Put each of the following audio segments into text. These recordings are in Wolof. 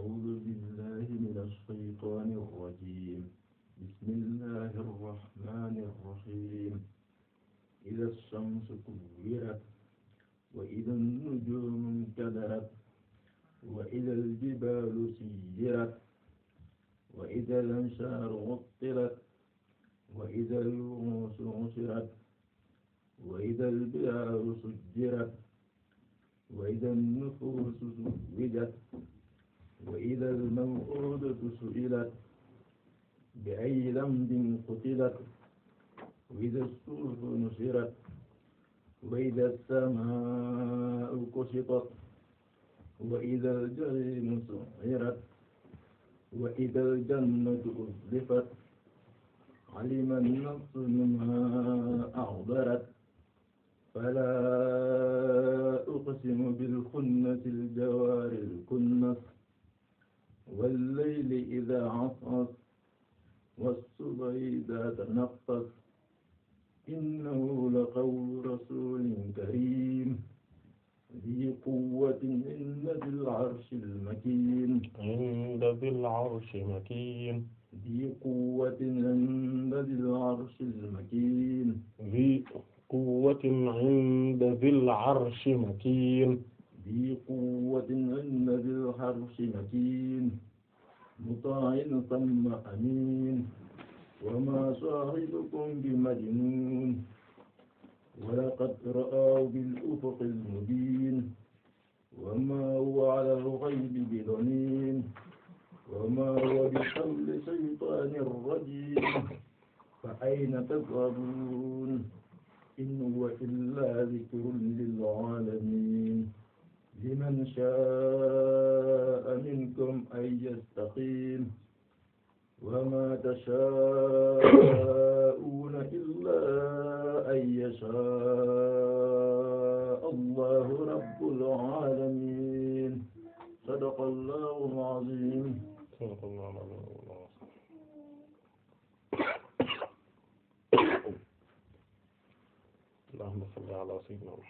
أعوذ بالله من الشيطان الرجيم بسم الله الرحمن الرحيم إذا الشمس كورت وإذا النجوم انكدرت وإذا الجبال سيرت وإذا الأنشار عطلت وإذا الوحوش حشرت وإذا البحار سجرت وإذا النفوس زوجت wa idha al-maw'udatu su'ilat bi ayyi dhanbin qutilat wa idha as-suhufu nusirat wa idha as-samaa'u kushitat wa idha al-jahimu su'irat wa idha al-jannatu uzlifat alimat nafsun ma a'darat فلا أقسم بالخنس الجوار الكنس والليل إذا عصعص والصبح إذا تنفس إنه لقول رسول كريم ذي قوة عند ذي العرش المكين عند ذي العرش مكين ذي قوة عند ذي العرش المكين ذي قوة عند ذي العرش مكين ذي قوة عند ذي الحرش مكين مطاع ثم أمين وما صاحبكم بمجنون ولقد رآه بالأفق المبين وما هو على الغيب بضنين وما هو بحول شيطان رجيم فأين تذهبون إن هو إلا ذكر للعالمين لمن شاء منكم أن يستقيم وما تشاءون إلا أن يشاء الله رب العالمين صدق الله العظيم صدق الله العظيم اللهم صل على سيدنا محمد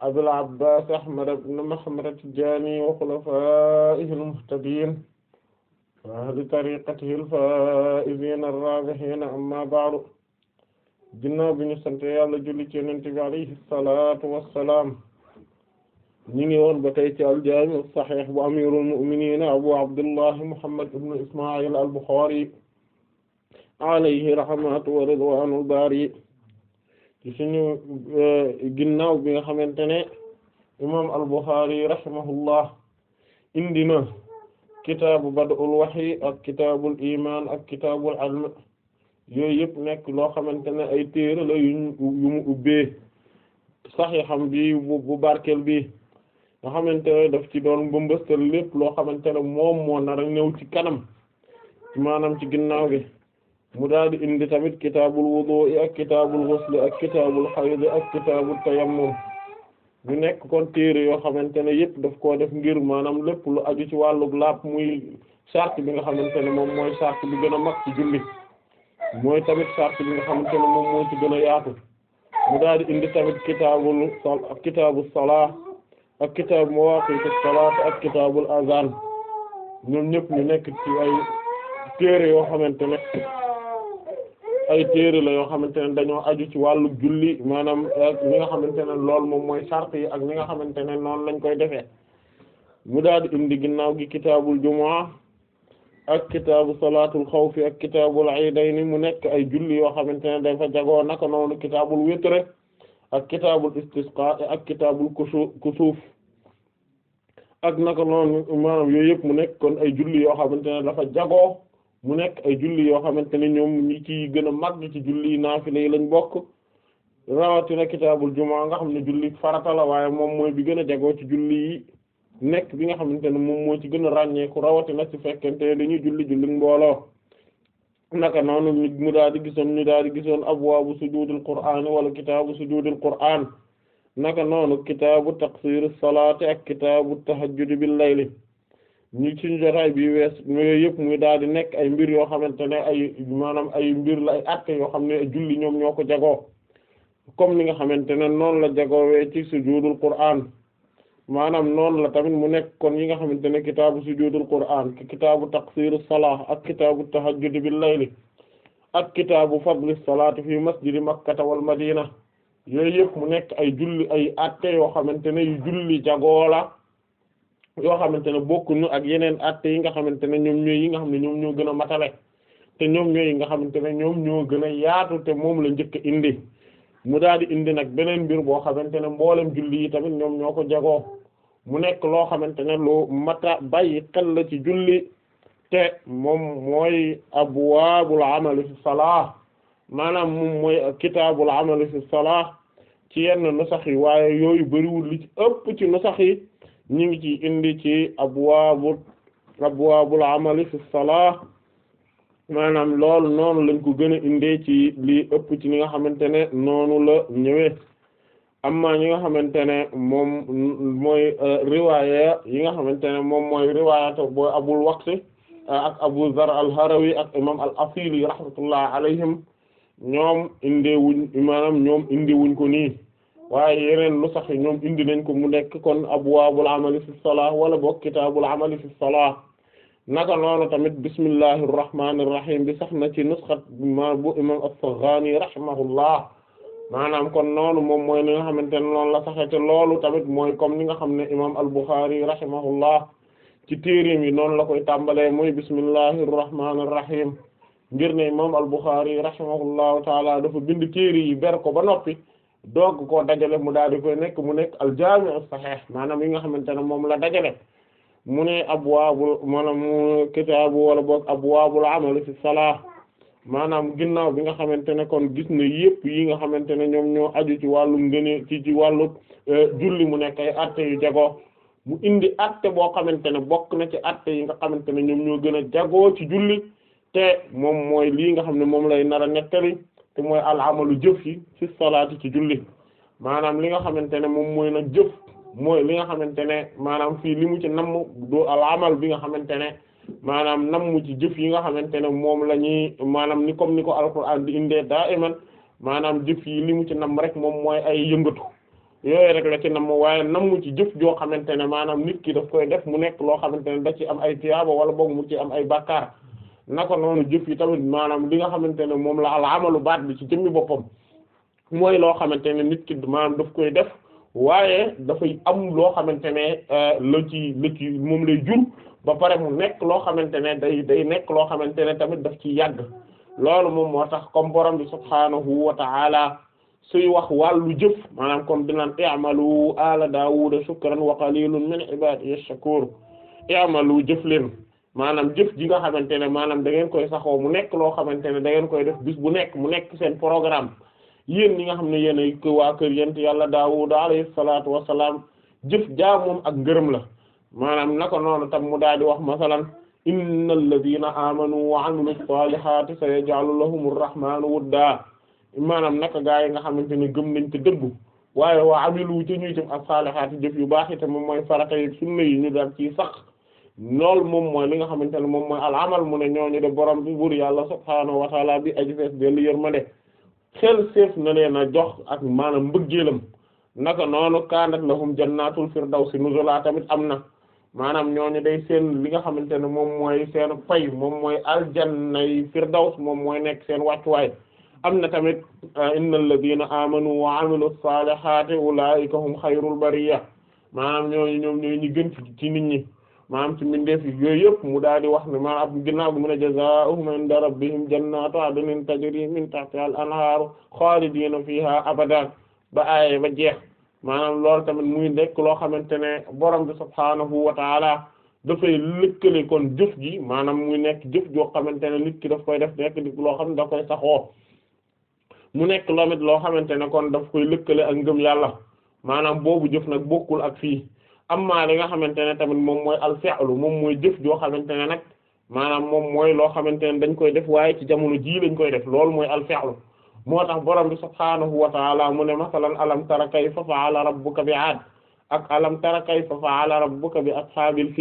Abul Abbaas Ahmad ibn Muhammad at-Tijaani wa xulafaa'ihi al-muhtadiin wa ahli tariiqatihi al-faa'iziina ar-raabihiina ammaa ba'du ginnaaw bi ñu sant Yàlla julli ci Yonent bi alayhi salaatu wa salaam ñu ngi woon ba tey ci al-Jaami' as-Sahiih bu amiirul mu'miniin Abu Abdullah Muhammad ibn Ismaa'iil al-Bukhaari alayhi rahmatu wa ridwaanul baari suñu e, ginnaaw bi nga xamante ne imaam al-Bukhari rahimahullah indi na kitaabu bad'ul wahyi ak kitaabul iman ak kitaabul ilm yooyu yëpp nekk loo xamante ne ay téere la yu yu mu saxiixam bi bu barkeel bi nga xamante ne def ci doon mbëmbëstal lépp loo xamante ne moom moo nar a ñëw ci kanam maanaam ci ginnaaw gi mu daal di indi tamit kitaabul wudu ak kitaabul ghusl ak kitaabul hayd ak kitaabul tayammum ñu nekk kon téere yoo xamante ne yëpp daf koo def ngir maanaam lépp lu aju ci wàllub laab muy sart bi nga xamante ne moom mooy sart bi gën a mag ci tamit sart bi nga xamante mu daal di indi tamit kitaabul sol ak kitaabul salaa ak kitaab mawaaqiitu salaat ak kitaabul azaan ñoom ñëpp ñu nekk ci ay téere yoo xamante ne. ay téere la yoo xamante ne dañoo aju ci wàllu julli maanaam ak li nga xamante ne loolu moom mooy sart yi ak li nga xamante ne noonu lañ koy defee mu daal di indi ginnaaw gi kitaabul jumaa ak kitaabu salaatul xawfi ak kitaabul iidayni mu nekk ay julli yoo xamante ne dafa jagoo naka noonu kitaabul witre ak kitaabul istisqa ak kitaabul kusu kusuuf ak naka noonu maanaam yooyu yëpp mu nekk kon ay julli yoo xamante ne dafa jagoo mu nekk ay julli yoo xamante ne ñoom ñi ci gën a màgg ci julli naafila yi lañ bokk rawatina kitaabul jumaa nga xam ne julli farata la waaye moom mooy bi gën a jagoo ci julli yi nekk bi nga xamante ne moom moo ci gën a ràññeeku rawatina ci fekkente ne dañuy julli julli mbooloo naka noonu mu daal di gisoon ñu daal di gisoon abwaabu sujuudul qur'aan wala kitaabu sujuudul qur'aan naka noonu kitaabu taqsiirus salaati ak kitaabu tahajjudi bi layli ñu ci jotaay bi wees yooyu yëpp muy daal di nekk ay mbir yoo xamante ne ay maanaam ay mbir la ay acte yoo xam ne julli ñoom ñoo ko jagoo comme nga xamante ne noonu la jagoowee ci maanaam noonu la tamit mu nekk kon yi nga xamante ne kitaabu sujudul Qur'an kitaabu taqsirus salah ak kitaabu tahajjud bil layli ak kitaabu fadli salaati fi masjidi makkata mu nekk ay julli ay acte yoo xamante ne yu julli jagoo yoo xamante ne bokkuñu ak yeneen atte yi nga xamante ne ñoom ñooy yi nga xam ne ñoom ñoo gën a matale te ñoom yi nga xamante ne ñoom ñoo gën a yaatu te moom la njëkk indi mu daal di indi nag beneen mbir boo xamante ne mboolem julli yi tamit ñoom ñoo ko jagoo mu nekk loo xamante ne loo mata bàyyi xel la ci julli te moom mooy abwaabul amali fi salaah maanaam moom mooy kitaabul amali fi salaah ci yenn nusax yi waaye yooyu bariwul li ci ëpp ci nusax yi ñu ngi ci indi ci abwaabu abwaabul amali fi salaah maanaam loolu noonu lañ ko gën a indee ci lii ëpp ci li nga xamante ne noonu la ñëwee amma ñi nga xamante ne moom mooy euh, riwaaya yi nga xamante ne moom mooy riwaaya te booy abul waqti euh, ak abu zar al harawi ak imam al asili rahmatullah alayhim ñoom indi wuñ maanaam ñoom indiwuñ wuñ ko nii waaye yeneen nu sax i ñoom indi nañ ko mu nekk kon abwaabul amali fi salaah wala boog kitaabul amali fi salaah naka noonu tamit bismillahi irrahmani bi sax na ci nusxat ma bu imam as-Saghani rahimahullah maanaam kon noonu moom mooy li nga xamante ne noonu la saxee te loolu tamit mooy comme ni nga xam ne imam al-Bukhari rahimahullah ci téeréem yi noonu la koy tàmbalee mooy bismillahi irrahmani irrahim ngir ne imam al-Bukhari rahimahullahu taala dafa bind téere yi ber ko ba noppi doog koo dajale mu daal di koy nekk mu nekk al jaami'u sahih maanaam yi nga xamante ne moom la dajale mu ne abwaabul maanaam kitaabu wala boog abwaabul amal fi salaah maanaam ginnaaw bi nga xamante ne kon gis na yëpp yi nga xamante ne ñoom ñoo aju ci wàllu ngëne ci ci wàllu e, julli mu nekk ay atte yu jagoo mu indi atte boo xamante ne bokk na ci atte yi nga xamante ne ñoom ñoo gën a jagoo ci julli te moom mooy lii nga xam ne moom lay nar a te mooy alamalu jëf yi ci salaati ci julli maanaam li nga xamante ne moom mooy nag jëf mooy li nga xamante ne maanaam fii li mu ci namm du alamal bi nga xamante ne maanaam namm ci jëf yi nga xamante ne moom la ñuy maanaam ni comme ni ko alquran di indee daa iman maanaam jëf yi li mu ci namm rek moom mooy ay yëngatu yooyu rek la ci namm waaye mu ci jëf joo xamante ne maanaam nit kii daf koy def mu nekk loo xamante ne da ci am ay tiyaaba wala boog mu ci am ay bàkkaar naka noonu jëf yi tamit maanaam li nga xamante ne moom la al amalu baat bi ci jëmmi boppam mooy loo xamante ne nit ki maanaam daf koy def waaye dafay am loo xamante ne euh, la ci la moom lay jur ba pare mu nekk loo xamante ne day day nekk loo xamante ne tamit daf ci yàgg loolu moom moo tax comme borom bi subhaanahu wa ta'ala suy wax wàllu jëf maanaam comme dinaan i'malu ala daawuda shukran wa qalilun min ibadiy jëf leen maanaam jëf ji nga xamante ne maanaam da ngeen koy saxoo mu nekk loo xamante ne da koy def bis bu nekk mu nekk seen programme yéen ñi nga xam ne yéen a waa kër yent yàlla Daawuda alayhi salaatu wassalaam jëf jaa moom ak ngërëm la maanaam naka noonu tam mu daal di wax masalan inna alladina amanu wa amilu salihati sa yaj'alu lahum arrahmanu daa maanaam naka gaa yi nga xamante ne gëm nañ te dëggu waaye wa amilu ci ñuy jëf ak saalihaati jëf yu baax itam moom mooy farata yi sunna yi ñu lool moom mooy li nga xamante ne moom mooy al amal mu ne ñooñu de borom bi buur yàlla subhaanahu wa taala bi aji fees ma yërmande xel seef na leen a jox ak maanaam mbëggeelam naka noonu kaanat lahum jannatul firdawsi nuzula tamit am na maanaam ñooñu day seen li nga xamante ne moom mooy seen pay moom mooy aljannay firdaws moom mooy nekk seen wàccuwaay am na tamit uh, innal ladina amanu wa amilu salihati ulaika hum xayrul bariya maanaam ñooñu ñoom ñooy ñi ci nit ñi maanaam ci mbindeef yi yëpp mu daal di wax ne maanaam ginnaaw bi mu a jazaa'uhum inda rabbihim jannatu adnin tajri min tahtiha al-anhaaru xaalidina fiha abadan ba aaye ba jeex maanaam loolu tamit muy nekk loo xamante ne borom bi subhaanahu wa taala dafay lëkkale kon jëf gi maanaam muy nekk jëf joo xamante ne nit ki daf koy def nekk di loo xam ne daf koy saxoo nekk lomit loo xamante ne kon daf koy lëkkale ak ngëm yàlla maanaam boobu jëf nag bokkul ak fii amma li nga xamante ne tamit moom mooy al moom mooy jëf joo xamante ne nag maanaam moom mooy loo xamante ne dañ koy def waaye ci jamono jii lañ koy def loolu mooy al fi'lu moo tax borom bi subhaanahu wa ta'ala mu ne masalan alam tara kayfa fa'ala rabbuka bi 'ad ak alam tara kayfa fa'ala rabbuka bi ashaabil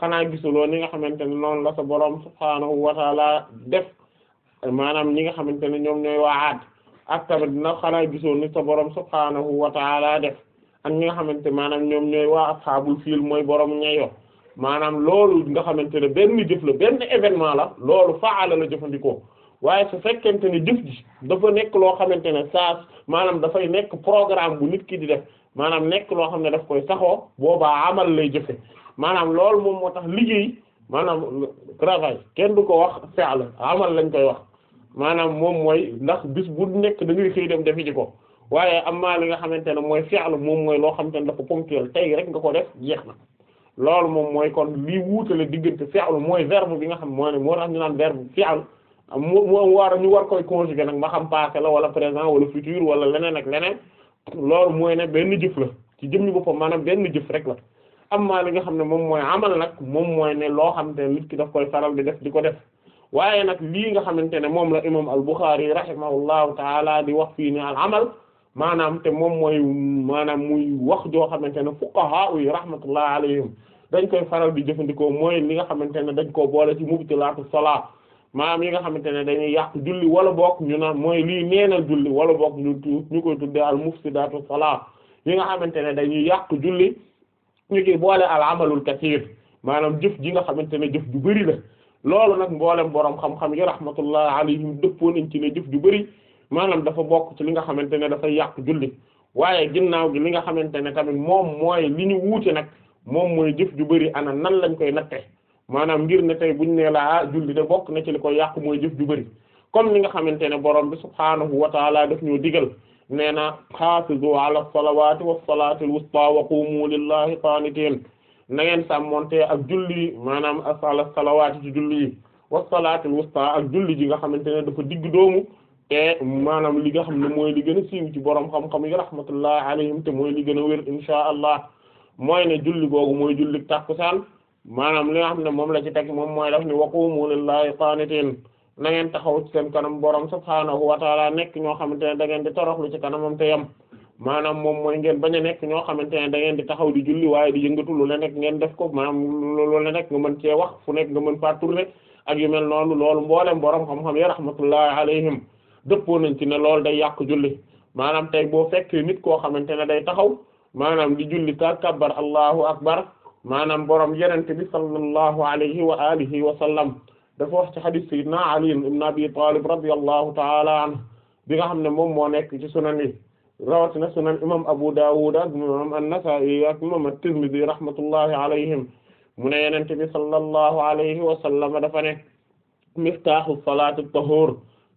xanaa gisuloo ni nga xamante ne noon la sa borom subhaanahu wa ta'ala def maanaam ñi nga xamante ne ñoom ñooy waa 'ad ak tamit na xanaa gisoo ni sa borom subhaanahu wa ta'ala def ak nga xamante maanaam ñoom ñooy waa asxaabul fiil mooy borom ñayo maanaam loolu nga xamante ne benn jëf la benn événement la loolu faala la jëfandikoo waaye su fekkente ne jëf ji dafa nekk loo xamante ne saa maanaam dafay nekk programme bu nit ki di def maanaam nekk loo xam ne daf koy saxoo boobaa amal lay jëfe maanaam loolu moom moo tax liggéey maanaam travail kenn du ko wax fi'l amal lañ koy wax maanaam moom mooy ndax bis bu nekk da ngay xëy dem defi ji ko waaye amma li nga xamante ne mooy fi'l moom mooy loo xam ne dafa ponctuel tey rek nga ko def jeex na loolu moom mooy kon lii wuutale diggante fi'l mooy verbe bi nga xam moo ne moo tax ñu naan verbe fi'l mu mu war ñu war koy conjuguer nag ma xam passé la wala présent wala futur wala leneen ak leneen loolu mooy ne benn jëf la ci jëmmi boppam maanaam benn jëf rek la amma li nga xam ne moom mooy amal nag moom ne loo xamante ne nit ki daf koy faral di def di ko def. waaye nag lii nga xamante ne moom la imam al Bukhari rahimahullahu taala di wax fii ne al amal maanaam te moom mooy maanaam muy wax joo xamante ne fuqaha yi rahmatullah alayhim dañ koy faral di jëfandikoo mooy li nga xamante ne dañ koo boole ci mubtilaatu salaa maanaam yi nga xamante ne dañuy yàq julli wala boog ñu naan mooy lii neenal julli wala boog ñu ñu koy tuddee al mufsidaatu salaa yi nga xamante ne dañuy yàq julli ñu ciy boole al amalul kasiir maanaam jëf ji nga xamante ne jëf ju bari la loolu nag mboolem boroom xam-xam yi rahmatullah alayhim dëppoo nañ ci ne jëf ju bari maanaam dafa bokk ci li nga xamante ne dafay yàq julli waaye ginnaaw gi li nga xamante ne tamit moom mooy li ñu wuute nag moom mooy jëf ju bari ana nan lañ koy natte maanaam ngir ne tey buñ nee laa ah julli ne bokk na ci li koy yàq mooy jëf ju bari comme li nga xamante ne borom bi subhaanahu wa taala daf ñoo digal nee na xaafizu ala salawati wasalaatil wusta wa qumu lillahi qanitin na ngeen sàmmonte ak julli maanaam ala salawaati ci julli yi wasalaatil wusta ak julli ji nga xamante ne dafa digg doomu te maanaam li nga xam ne mooy li gën a siiw ci borom xam-xam yi rahmatullah alayhim te mooy li gën a wér insha allah mooy ne julli googu mooy julli tàkkusaan maanaam li nga xam ne moom la ci teg moom mooy daf ni waqumu lillahi qaanitiin na ngeen taxaw ci seen kanam borom subhaanahu wa taala nekk ñoo xamante ne da ngeen di toroxlu ci kanamam te yam maanaam moom mooy ngeen bañ a nekk ñoo xamante ne da ngeen di taxaw di julli waaye di yëngatu lu la nekk ngeen def ko maanaam lu la nekk nga mën cee wax fu nekk nga mën faa tourner ak yu mel noonu loolu mboolem borom xam-xam yi rahmatullahi alayhim dëppoo nañ ci ne loolu day yàq julli maanaam tey boo fekkee nit koo xamante ne day taxaw maanaam di julli ka kabbar allahu akbar maanaam borom yenente bi sallallahu alayhi wa alihi wa sallam dafa wax ci hadith sayyidina Ali ibn Abi Talib radiyallahu ta'ala anhu bi nga xam ne moom moo nekk ci sunan yi rawatina sunan imam Abu Dawud ak imam An-Nasa'i ak imam At-Tirmidhi rahmatullahi alayhim mu ne yenente bi sallallahu alayhi wa sallam dafa ne miftahu salati at-tahur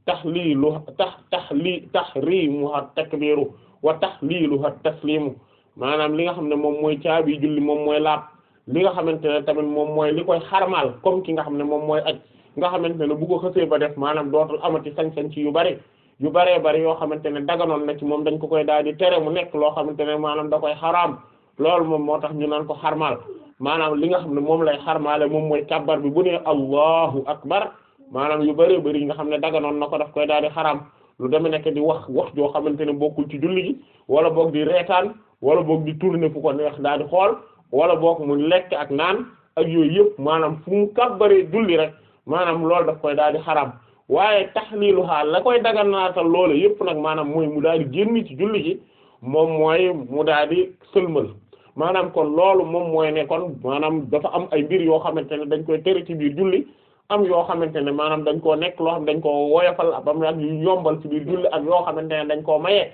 tahliluha tax tax tahli tahrimuha takbiru wa tahliluha taslimu maanaam li nga xam ne moom mooy caabi julli moom mooy laab li nga xamante ne tamit moom mooy li koy xarmaal comme ki nga xam ne moom mooy aj nga xamante ne bu ko xësee ba def maanaam dootul amati sañ-sañ ci yu bari yu baree bari yoo xamante ne daganoon na ci moom dañ ko koy daal di tere mu nekk loo xamante ne maanaam da koy xaraam loolu moom moo tax ñu naan ko xarmaal maanaam li nga xam ne moom lay xarmaale moom mooy kabbar bi bu ne allahu akbar maanaam yu bëree bëri nga xam ne daganoon na ko daf koy daal xaram lu deme nekk di wax wax joo xamante ne bokkul ci julli gi wala boog di reetaan wala boog di tourner fu ko neex daal di xool wala boog mu lekk ak naan ak yooyu yëpp maanaam fu mu kàbbaree julli rek maanaam loolu daf koy daal di xaraam waaye tahliluha la koy daganaatal loolu yëpp nag maanaam mooy mu daal di génn ci julli gi moom mooy mu daal di sëlmal maanaam kon loolu moom mooy ne maanaam dafa am ay mbir yoo xamante ne dañ koy tere ci biir julli am yoo xamante ne maanaam dañ koo nekk loo xam dañ koo woyofal bam ak yu yombal ci biir ak yoo xamante ne dañ koo mayee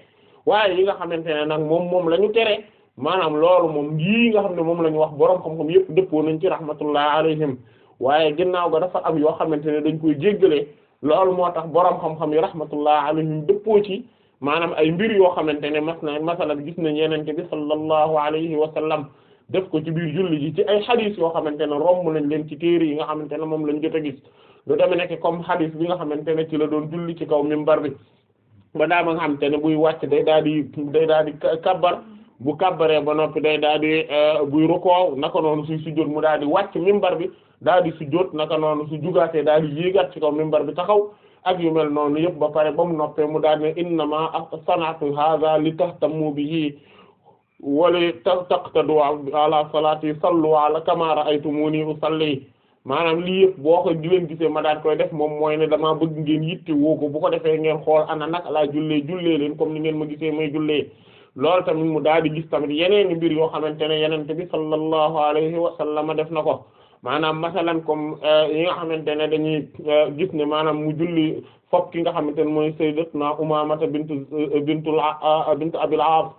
waaye yi nga xamante ne nag moom moom la ñu tere maanaam loolu moom yii nga xam ne moom la ñu wax boroom xam-xam yëpp dëppoo nañ ci rahmatullah alayhim waaye ginnaaw ga dafa am yoo xamante ne dañ koy jéggalee loolu moo tax boroom xam-xam yi rahmatullah alayhim dëppoo ci maanaam ay mbir yoo xamante ne mas na masalan gis nañ yenente bi sallallahu alayhi wa sallam def ko ci biir julli ji ci ay xadis yoo xamante ne romb nañ leen ci téere yi nga xamante ne moom lañ jot a gis lu tamit nekk comme nga xamante ne ci la doon julli ci kaw minbar bi ba daa ma nga xamante ne buy wàcc day daal di day daal di kabbar bu kabbaree ba noppi day daal di euh, buy rukoo naka noonu suy sujjóot mu daal di wàcc minbar bi daal di sujjóot naka noonu su jugaatee daal di yéegaat ci kaw minbar bi taxaw ak yu mel noonu yëpp ba pare ba mu noppee mu daal ne innama sanatu tam li bi bihi wala taqtadu ala salaati sallu ala kama ra'aytumuni usalli maanaam lii yëpp boo ko di leen gisee ma daan koy def moom mooy ne dama bëgg ngeen yitte woo ko bu ko defee ngeen xool ana nag laa jullee jullee leen comme ni ngeen ma gisee may jullee lool tamit mu daal di gis tamit yeneen mbir yoo xamante ne yenente bi sallallahu alayhi wa sallam def na ko maanaam masalan comme euh, yi nga xamante ne dañuy euh, gis ne maanaam mu julli fop ki nga xamante ne mooy sayyidatna Umaamata bintu euh, bintu bintu Abil Aas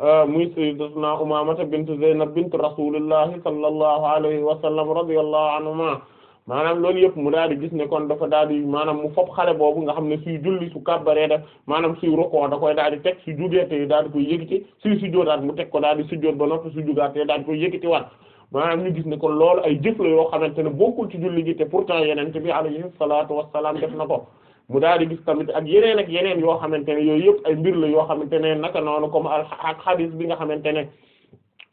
Ah, muy sayyidatuna Umaamata bint Zaynab bint rasulillahi sallallahu alayhi wa sallam radiyallahu anhuma maanaam loolu yëpp mu daal di gis ne kon dafa daal di maanaam mu fop xale boobu nga xam ne suy julli su kàbbaree def maanaam suy rukkoo da koy daal di teg su jógeete daal di koy yëkkati suy sujjóotaat mu teg ko daal di sujjóot ba noppi su jógaatee daal di koy yëkkati waat maanaam ñu gis ne kon loolu ay jëf la yoo xamante ne bokkul ci julli gi te pourtant yenente bi alayhi salaatu wassalaam def na ko mu daal di gis tamit ak yeneen ak yeneen yoo xamante ne yooyu yëpp ay mbir la yoo xamante ne naka noonu comme ak xadis bi nga xamante ne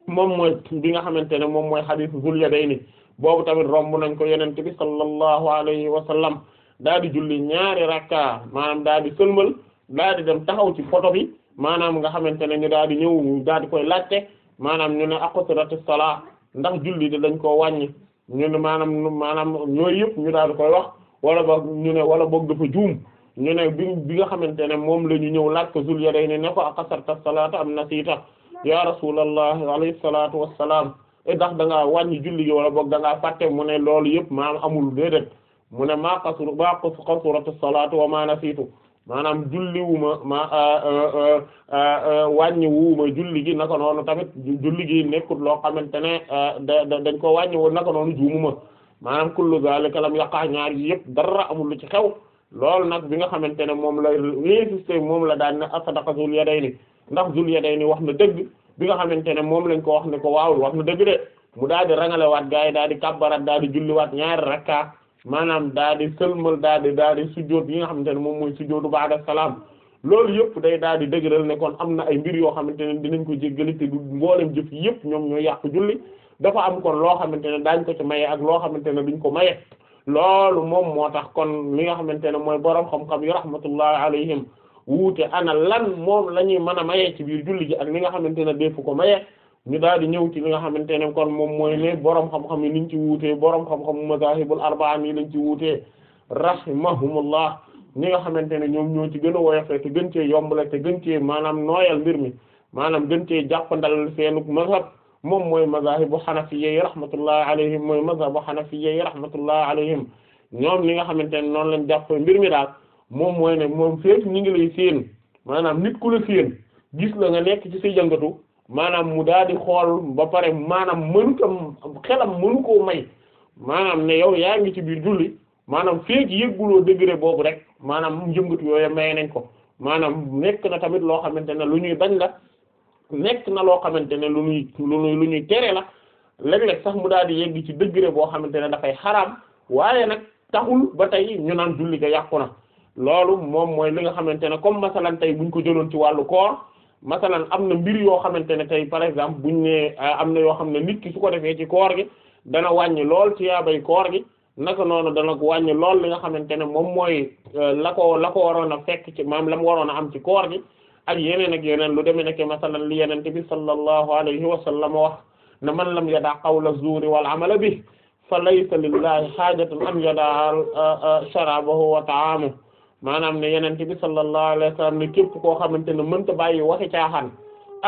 moom mooy bi nga xamante ne moom mooy xadis Zul Yadayni boobu tamit romb nañ ko yonent bi sallallahu alayhi wa sallam daal di julli ñaari rakka maanaam daal di sëlmal daal di dem taxaw ci poto bi maanaam nga xamante ne ñu daal di ñëw daal di koy laajte maanaam ñu ne aqsirati salaa ndax julli di dañ koo wàññi ñu ne maanaam maanaam ñooyu yëpp ñu daal di koy wax wala boog ñu wala boog dafa juum ñu ne bi bi nga xamante ne moom la ñu ñëw laaj ko day Yadayni ne ko aqasarta salaata am nasiita ya rasulallah alayhi salaatu wassalaam e eh, ndax da ngaa wàññi julli gi wala boog da ngaa fàtte mu ne loolu yëpp maam amul déedéet mu ne maa qasur maa qasuratu salaatu wa maa nasiitu maanaam julli wu ma ma wàññi wuuma julli gi naka noonu tamit julli gi nekkul loo xamante ne da dañ ko wàññi woon naka noonu juumuma maanaam kullu zalika lam yaqa ñaar yi yëpp dara amul lu ci xew lool nag bi nga xamante ne moom la insisté moom la daan ne asadaqa zul yadayni ndax zul yadayni wax na dëgg bi nga xamante ne moom lañ ko wax ne ko waawul wax na dëgg de mu daal di waat gars yi daal di kabbarat daal di julliwaat ñaari rakka maanaam daal di sëlmal daal di daal di sujjóot yi nga xamante ne moom mooy sujjóotu ba'da salaam loolu yëpp day daal di dëgëral ne kon am na ay mbir yoo xamante ne nañ ko jéggale te du yëpp ñoom ñooy yàq julli dafa am kon loo xamante ne daañ ko ci maye ak loo xamante ne duñ ko maye loolu moom moo tax kon li nga xamante ne mooy boroom xam-xam yi rahmatullah alayhim wuute ana lan moom la ñuy mën a maye ci biir julli gi ak li nga xamante ne defu ko maye ñu daal di ñëw ci li nga xamante ne kon moom mooy ne boroom xam-xam yi niñ ci wuutee boroom xam-xam mazahibul arba'am yi lañ ci wuutee rahimahumullah ni nga xamante ne ñoom ñoo ci gën a woyofe te gën cee yombale te gën cee maanaam nooyal mbir mi maanaam gën cee jàppandal seenu mazhab moom mooy mazaahibu xanafiyya yi rahmatullahi alayhim mooy mazhabu xanafiyya yi rahmatullahi alayhim ñoom li nga xamante ne noonu lañ jàpp mbir mi daal moom mooy ne moom fépp ñu ngi lay séen maanaam nit ku la séen gis la nga nekk ci say jàngatu maanaam mu daal di xool ba pare maanaam mënut xelam mënu koo may maanaam ne yow yaa ngi ci biir julli maanaam feek yëgguloo degré boobu rek maanaam yëngatu yooyu may nañ ko maanaam nekk na tamit loo xamante ne lu ñuy bañ la nekk na loo xamante ne lu ñuy lu ñuy lu ñuy tere la léeg-léeg sax mu daal di yegg ci degré boo xamante ne dafay xaraam waaye nag taxul ba tey ñu naan julli ga yàqu na loolu moom mooy li nga xamante ne comme masalan tey buñ ko jëloon ci wàllu koor masalan am na mbir yoo xamante ne tey par exemple bu buñ ne eh, am na yoo xam ne nit ki su ko defee ci koor gi dana wàññi lool ci yaabay koor gi naka noonu dana wàññi lool li nga xamante ne moom mooy eh, la ko la ko waroon a fekk ci maam la mu waroon a am ci koor gi ak yeneen ak yeneen lu demee nekk masalan li yeneen bi sallallahu alayhi wa sallam wax na man lam yada qawla zuuri wal amala bi fa laysa lillahi haajatun an yada sharabahu wa ta'amu maanaam ne yeneen bi sallallahu alayhi wa sallam ne képp koo xamante ne mënta bàyyi waxi caaxaan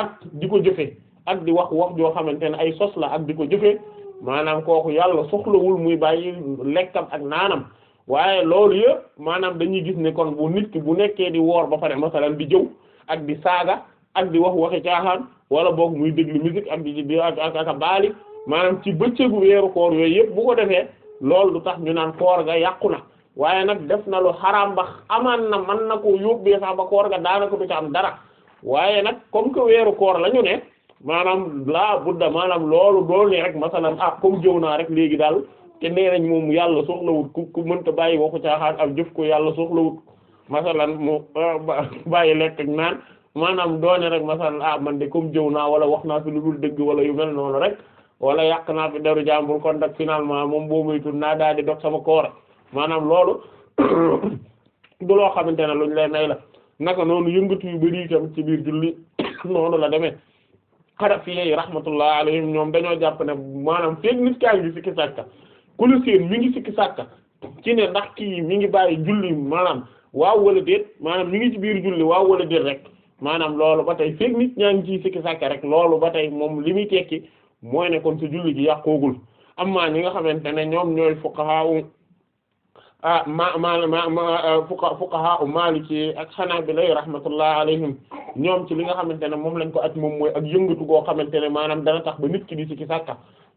ak di ko jëfe ak di wax wax joo xamante ne ay sos la ak di ko jëfe maanaam kooku yàlla soxlawul muy bàyyi lekkam ak naanam waaye loolu yëpp maanaam dañuy gis ne kon bu nit bu nekkee di woor ba pare masalan di jëw ak di saaga ak di wax waxi caaxaan wala boog muy déglu musique ak di di ak ak a baali maanaam ci bëccëgu weeru koor yooyu yëpp bu ko defee lool du tax ñu naan koor ga yàqu na waaye nag def na lu xaraam ba amaan na man na ko yóbbee sax ba koor ga daanaka du ci am dara waaye nag comme que weeru koor lañu ñu ne maanaam laa budda maanaam loolu dool ne rek masalan ah comme jëw naa rek léegi daal te nee nañ moom yàlla soxlawut ku ku mënta bàyyi waxu caaxaan ak jëf ko yàlla soxlawut masalan mu ah, bàyyi lekk ak naan maanaam doone rek masalan ah man de comme jëw naa wala wax naa fi lu dul dëgg wala yu mel noonu rek wala yàq naa fi deru jàmbur kon nag finalement moom boo naa daal di dog sama koor maanaam loolu du loo xamante ne luñ lay may la naka noonu yëngatu yu bari itam ci biir julli noonu la demee xanafiye yi rahmatullah alayhim ñoom dañoo jàpp ne maanaam feeg nit kaa ngi sikki sàkka ku lu seen mi ngi sikki sàkka ci ne ndax kii mi ngi bàyyi julli maanaam. waaw wala déet maanaam li ngi ci biir julli waaw wala déet rek maanaam loolu ba tey feeg nit ñaa ngi ciy sikki sàkka rek loolu ba tey moom li muy tekki mooy ne kon sa julli gi yàqoogul amma ñi nga xamante ne ñoom ñooy fuqahaa ah ma ma ma ma fuqaha u maliki ak hanabila rahmatullah alayhim ñoom ci li nga xamante ne moom lañ ko at moom mooy ak yëngatu goo xamante ne maanaam dana tax ba nit ki di sikki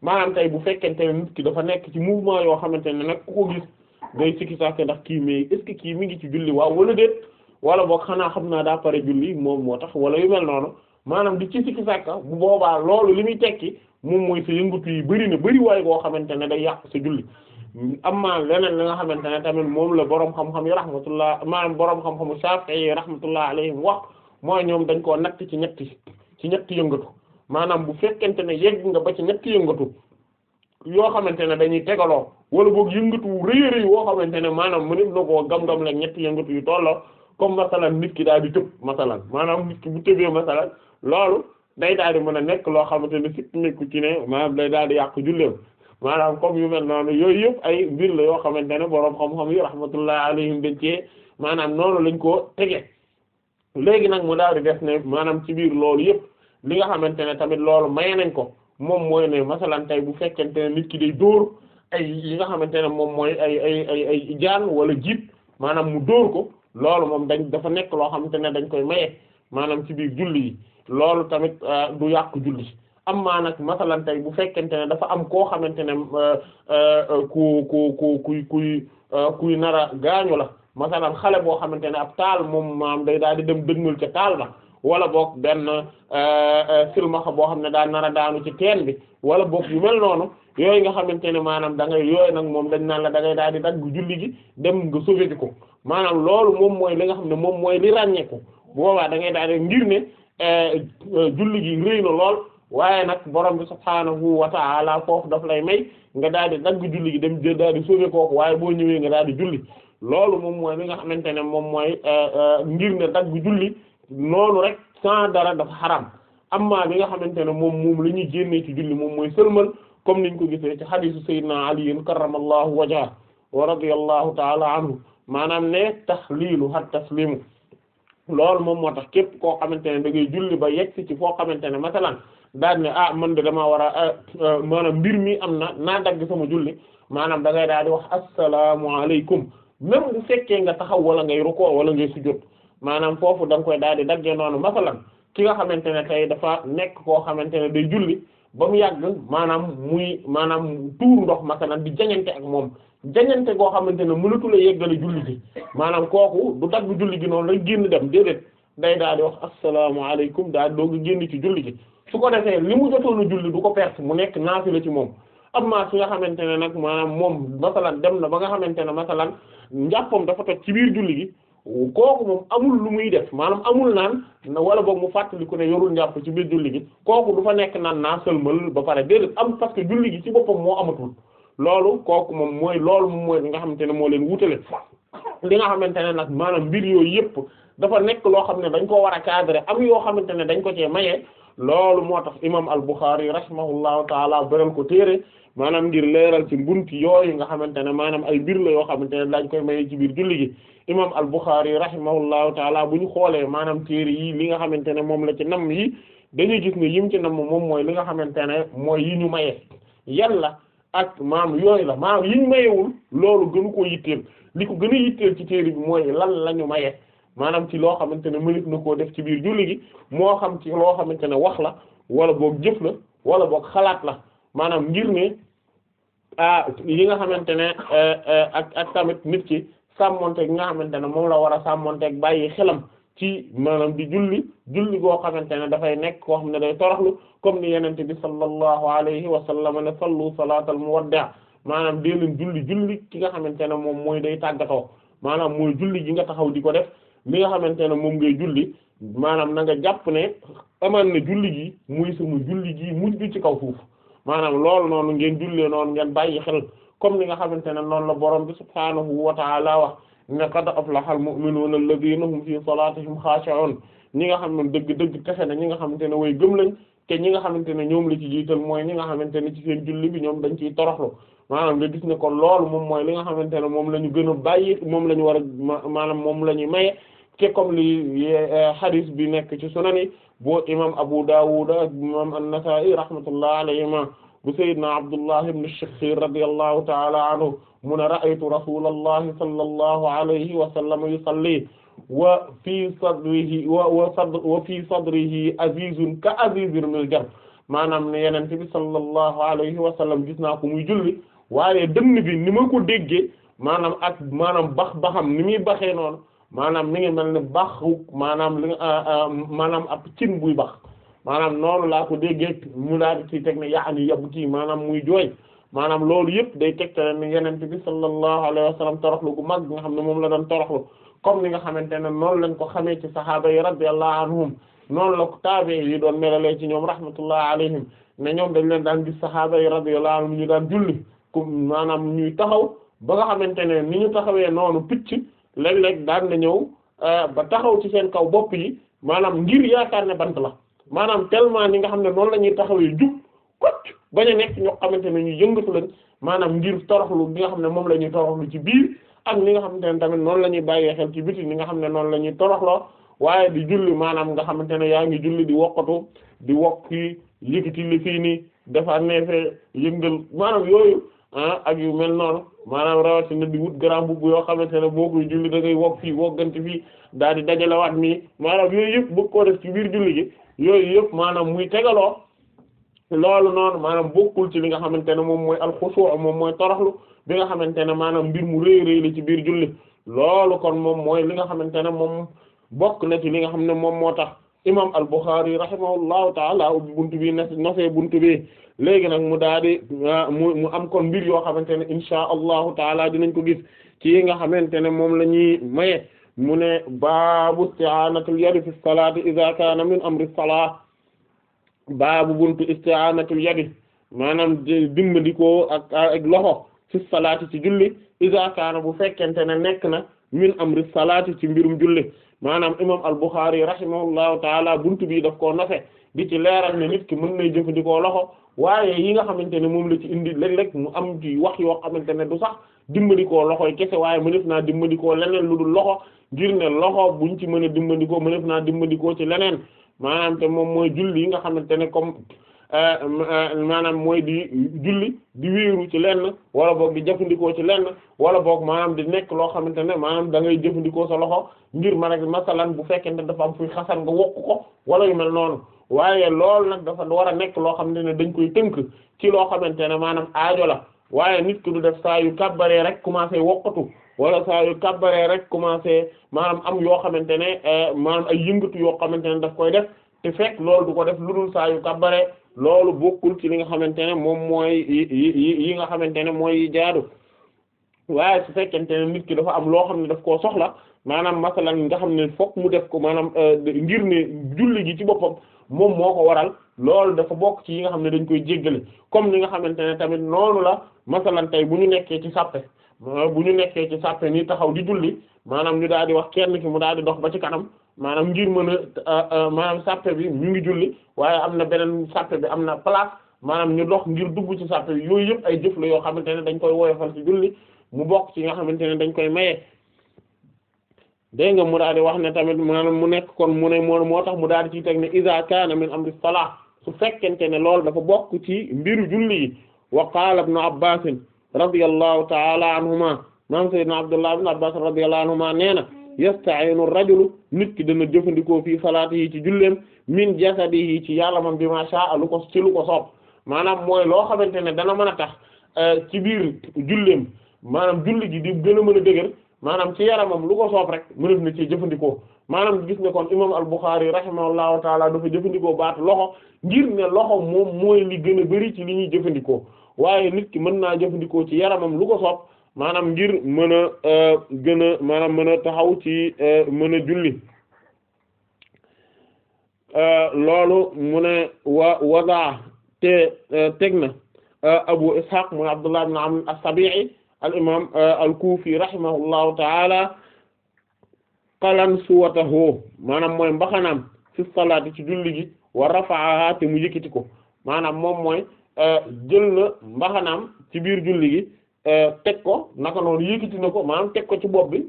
maanaam tey bu fekkente ne nit ki dafa nekk ci mouvement yoo xamante ne nag ku day sikki sàkk ndax kii mais est-ce kii mi ngi ci julli waaw wala déet wala boog xanaa xam naa daa pare julli moom moo tax wala yu mel noonu maanaam di ci sikki sàkk bu boobaa loolu li muy tekki moom mooy sa yëngatu yi bëri na bëri waaye boo xamante ne day yàq sa julli amma leneen li nga xamante ne tamit moom la borom xam-xam yi rahmatullah maanaam borom xam-xamu Shafi'i yi rahmatullah alayhim wax mooy ñoom dañ koo natt ci ñetti ci ñetti yëngatu maanaam bu fekkente ne yegg nga ba ci ñetti yëngatu yoo xamante ne dañuy tegaloo wala boog yëngatu rëy rëy woo xamante ne maanaam mënees na koo gam-gam la ñetti yëngatu yu tolloo comme masalan nit ki daal di tëb maanaam nit ki bu tëbee masalan loolu day daal di mën a nekk loo xamante ne sikk nekku ci maanaam day daal di yàq julleem maanaam comme yu mel noonu yooyu yëpp ay mbir la yoo xamante ne boroom xam-xam yi rahmatullah alayhim dañ cee maanaam noonu lañ koo tege léegi nag mu daal di def ne maanaam ci biir loolu yëpp li nga xamante ne tamit loolu may nañ ko moom mooy ne masalan tey bu fekkente ne nit ki day dóor ay yi nga xamante ne moom mooy ay ay ay ay jaan wala jiit maanaam mu dóor ko loolu moom dañ dafa nekk loo xamante ne dañ koy maye maanaam ci biir julli yi loolu tamit euh, du yàqu julli am maa nag masalan bu fekkente ne dafa am koo xamante ne euh, euh, ku ku ku kuy kuy kuy nara a gaañu la masalan xale boo xamante ne ab taal moom maam day daal di dem dëgmal ci taal na wala boog benn silmaxa euh, euh, boo xam ne daa nar a daanu ci teen bi wala boog yu mel noonu yooyu nga xamante ne maanaam da ngay yooyu nag moom dañ naan la dangay daal di daggu julli gi dem nga ko maanaam loolu moom mooy li nga xam ne moom mooy li ràññeeku boobaa da ngay daal di ngir ne euh, julli gi rëy na lool waaye nag borom bi subhaanahu wa ta'ala foofu daf lay may nga daal di dagg julli gi dem daal di waaye boo ñëwee nga daal di julli loolu moom mooy li nga xamante ne moom mooy ngir ne daggu julli loolu rek sans dara dafa xaram amma bi nga xamante ne moom moom la ñuy génnee ci julli moom mooy sëlmal comme ñu ko gisee ci xadisu sayyidina Ali karramallahu wajha wa radiyallahu taala anhu maanaam ne tahlilu hat taslimu loolu moom moo tax képp koo xamante ne da ngay julli ba yegg ci foo xamante ne masalan daan ne ah man de damaa war a euh, euh, maanaam mbir mi am na naa dagg sama julli maanaam da ngay daal di wax assalaamu alaykum même bu fekkee nga taxaw wala ngay rukkoo wala ngay sujjóot maanaam foofu da nga koy daal di daggee noonu masalan ki nga xamante ne tey dafa nekk koo xamante ne day julli ba mu yàgg maanaam muy maanaam tuur ndox masalan di jañante ak moom jañante goo xamante ne mënatu la yeggale julli gi maanaam kooku du dagg julli gi noonu lay génn dem déedéet day daal di wax asalaamaaleykum daal di doog génn ci julli su ko defee li mu jotoon a julli du ko perte mu nekk naafila ci moom amma su nga xamante ne nag maanaam moom masalan dem na ba nga xamante ne masalan njàppam dafa toj ci biir julli gi kooku moom amul lu muy def maanaam amul naan wala boog mu fàttaliku ne yorul njàpp ci biir julli gi kooku du fa nekk naan naa sëlmal ba pare déedéet am parce que julli gi ci boppam moo amatul loolu kooku moom mooy loolu moom mooy li nga xamante ne moo leen wutale li nga xamante ne nag maanaam mbir yooyu yëpp dafa nekk loo xam ne dañ ko war a cadrer am yoo xamante ne dañ ko cee maye loolu moo tax imam al-Bukhari rahimahullahu taala beral ko téere maanaam ngir leeral ci mbunt yooyu nga xamante ne maanaam ay mbir yoo xamante ne dañ koy maye ci biir julli imam al-Bukhari rahimahullahu taala bu ñu xoolee maanaam téere yi li nga xamante ne moom la ci nam yi dañuy gis ne yim ci nam moom mooy li nga xamante ne mooy yi ñu maye yàlla ak maam yooyu la maam yi ñu mayewul loolu gënu ko yitteel li ko gën yitteel ci téere bi mooy lan lañu mayee maanaam ci loo xamante ne mënit na koo def ci biir julli gi moo xam ci loo xamante ne wax la wala boog jëf la wala boog xalaat la maanaam ngir ne ah nga xamante ne eh, eh, ak ak tamit nit ki sàmmonteeg nga xamante ne moom la war a sàmmonteeg bàyyi xelam ci maanaam di julli julli goo xamante ne dafay nekk koo xam ne day toroxlu comme ni yenente bi sallallahu alayhi wa sallam ne sallu salaatal muwaddi' maanaam dee leen julli julli ki nga xamante ne moom mooy day tàggatoo maanaam mooy julli gi nga taxaw di ko def li nga xamante ne moom ngay julli maanaam na nga jàpp ne amaan na julli gi muy sama julli gi mujj ci kaw suuf maanaam loolu noonu ngeen jullee noonu ngeen bàyyi xel comme li nga xamante ne noonu la boroom bi subhaanahu wa ta'ala wax ne qad aflaha al-mu'minuuna alladhiina hum fi salaatihim xaashi'uun ñi nga xam ne dëgg-dëgg texe na ñi nga xamante ne way gëm lañ te ñi nga xamante ne ñoom la ci jiital mooy ñi nga xamante ne ci julli bi ñoom dañ ciy toroxlu maanaam gis ne kon loolu moom mooy li xamante ne moom la ñu gën a bàyyi moom la ñu war a maanaam moom la ñuy maye te comme li hadith eh, bi nekk ci sunani boo imam Abu Dawud ak imam An-Nasa'i rahmatullah ma bu sayyidna Abdullah ibn Shakhir radiyallahu ta'ala anhu mu ne ra'aytu rasulallahi sallallahu alayhi wa sallam yusalli wa fii sadrihi wa wa sadr wa fii sadrihi azizun ka azizil miljam maanaam ne yenente bi sallallahu alayhi wa sallam gis naa ko muy julli waaye dënn bi ni ma ko déggee maanaam ak maanaam bax baxam ni muy baxee noonu maanaam mi ngi mel ni baxu maanaam li ah, ah, maanaam ab cin buy bax maanaam noonu laa ko déggee mu daal di ci teg ne yaani yabuti maanaam muy jooy maanaam loolu yëpp day tegtale ne yenent bi sallallahu alayhi wa sallam toroxlu gu mag nga xam ne moom la doon toroxlu comme ni nga xamante ne noonu lañ ko xamee ci sahaaba yi radiyallahu anhum noonu la ko taabee yi doon melalee ci ñoom rahmatullahi alayhim ne ñoom dañ leen daan gis sahaaba yi radiyallahu anhum ñu daan julli comme maanaam ñuy taxaw ba nga xamante ne ni ñu taxawee noonu picc léeg-léeg daan na ñëw euh, ba taxaw ci seen kaw bopp yi maanaam ngir yaakaar bant la maanaam tellement ñi nga xam ne noonu la ñuy taxawee jub kocc bañ a nekk ñoo xamante ne ñu yëngatu lañ maanaam ngir toroxlu bi nga xam ne moom la ñuy toroxlu ci biir ak li nga xamante ne tamit noonu la ñuy bàyyee xel ci biti li nga xam ne noonu la ñuy toroxloo waaye di julli maanaam nga xamante ne yaa ngi julli di wokkatu di wokki yëkkati li fii nii dafa neefee yëngal maanaam yooyu ah ak yu mel noonu maanaam rawatina di wut grand boubou yoo xamante ne boo koy julli da ngay wokk fii woggante fii daal di dajalewaat nii maanaam yooyu yëpp bëgg ci biir julli gi yooyu yëpp maanaam muy tegaloo loolu noonu maanaam bokkul ci li nga xamante ne moom mooy alxusuu moom mooy toroxlu bi nga xamante ne maanaam mbir ci biir julli loolu kon moom mooy li nga xamante ne moom bokk na ci li nga xam ne moom moo tax imam al-Bukhari rahimahullahu taala ubbi bunt bi na nofee buntu bi léegi nag mu daal di ah, mu mu am kon mbir yoo xamante ne insha allahu taala nañ ko gis ci yi nga xamante ne moom la ñuy maye mu ne baabu isti'anatul yadi fi salaati idha kana min amri salat baabu buntu isti'anatul yadi maanaam dimbali ko ak ak loxo fi salaati ci julli idha kana bu fekkente ne nekk na min amri salaati ci mbirum julli maanaam imam al-Bukhari rahimahullahu taala buntu bi def koo nafe bi ci leeral ne nit ki mën nay jëfandikoo loxo waaye yi nga xamante ne moom la ci indi léeg-léeg mu am ci wax yoo xamante ne du sax dimbali koo loxoy kese waaye mëneef naa dimbali koo leneen lu loxo ngir ne loxo bu ñu ci mën a dimbandikoo mënef naa dimbandikoo ci leneen maanaam te moom mooy julli yi nga xamante ne comme euh, euh, maanaam mooy di julli di wéeru ci lenn wala boog di jëfandikoo ci lenn wala boog maanaam di nekk loo xamante ne maanaam da ngay sa loxo ngir ma rek masalan bu fekkente dafa am fuy xasan nga wokk ko wala yu mel noonu waaye loolu nag dafa war a nekk loo xam ne ne dañ koy tënk ci loo xamante ne maanaam aajo la waaye nit ki du def saa yu kàbbaree rek commencé wokkatu wala saa yu rek commencé maanaam am yoo xamante ne eh, maanaam ay yëngatu yoo xamante ne daf koy def te fekk loolu du ko def lu dul saa yu loolu bokkul ci li nga xamante ne moom mooy yi nga xamante ne mooy jaadu waaye su fekkente ne nit ki dafa am loo xam ne daf koo soxla maanaam masalan nga xam ne fokk mu def ko maanaam eh, ngir ne julli gi ci boppam moom moo ko waral loolu dafa bokk ci yi nga xam ne dañ koy jéggale comme li nga xamante ne tamit noonu la masalan tey bu ñu nekkee ci sàppe Euh, bu ñu nekkee ci sàppe nii taxaw di julli maanaam ñu daal di wax kenn ki mu daal di dox ba ci kanam maanaam ngir mën a euh, euh, maanaam sàppe bi ñu julli waaye am na beneen sàppe bi am na place maanaam ñu dox ngir dugg ci sàppe bi yooyu yëpp ay yoo xamante ne dañ koy woyofal ci julli mu bokk ci nga xamante ne dañ koy maye. dégg nga mu daal di wax ne tamit maanaam mu nekk kon mu ne moo moo tax mu daal di ci teg ne iza kaana min amri salah su fekkente ne loolu dafa bokk ci mbiru julli yi wa qaala ibn abbas radiyallahu ta'ala anhuma maam sayyidna Abdullah ibn Abbas radiyallahu anhuma nee na yasta'inu nit ki dana jëfandikoo fii salaati yi ci julleem min jasadihi ci yàlla moom bi ma sha'a ko ci lu ko soob maanaam mooy loo xamante ne dana mën a tax eh, ci biir julleem maanaam julli gi di gën a mën a dëgër maanaam ci yaramam lu ko soob rek mënef na ci jëfandikoo maanaam gis ne kon imam al-Bukhari rahimahullahu taala dafa jëfandikoo baat loxo ngir ne loxo moom mooy li gën a bari ci li ñuy jëfandikoo waaye nit ki mën naa jëfandikoo ci yaramam lu ko soob maanaam ngir mën a euh, gën a maanaam mën a taxaw ci euh, mën a julli euh, loolu mu ne wa wadaa te teg na abu ishaq mu abdullah ibn amr as-sabi'i al imam al kufi rahimahullahu ta'ala qalan suwatahu maanaam mooy mbaxanaam fi salaati ci julli gi wa rafa'aha te mu yëkkati ko maanaam moom mooy Euh, jël na mbaxanaam ci biir julli gi euh, teg ko naka noonu yëkkati na ko maanaam teg ko ci bopp bi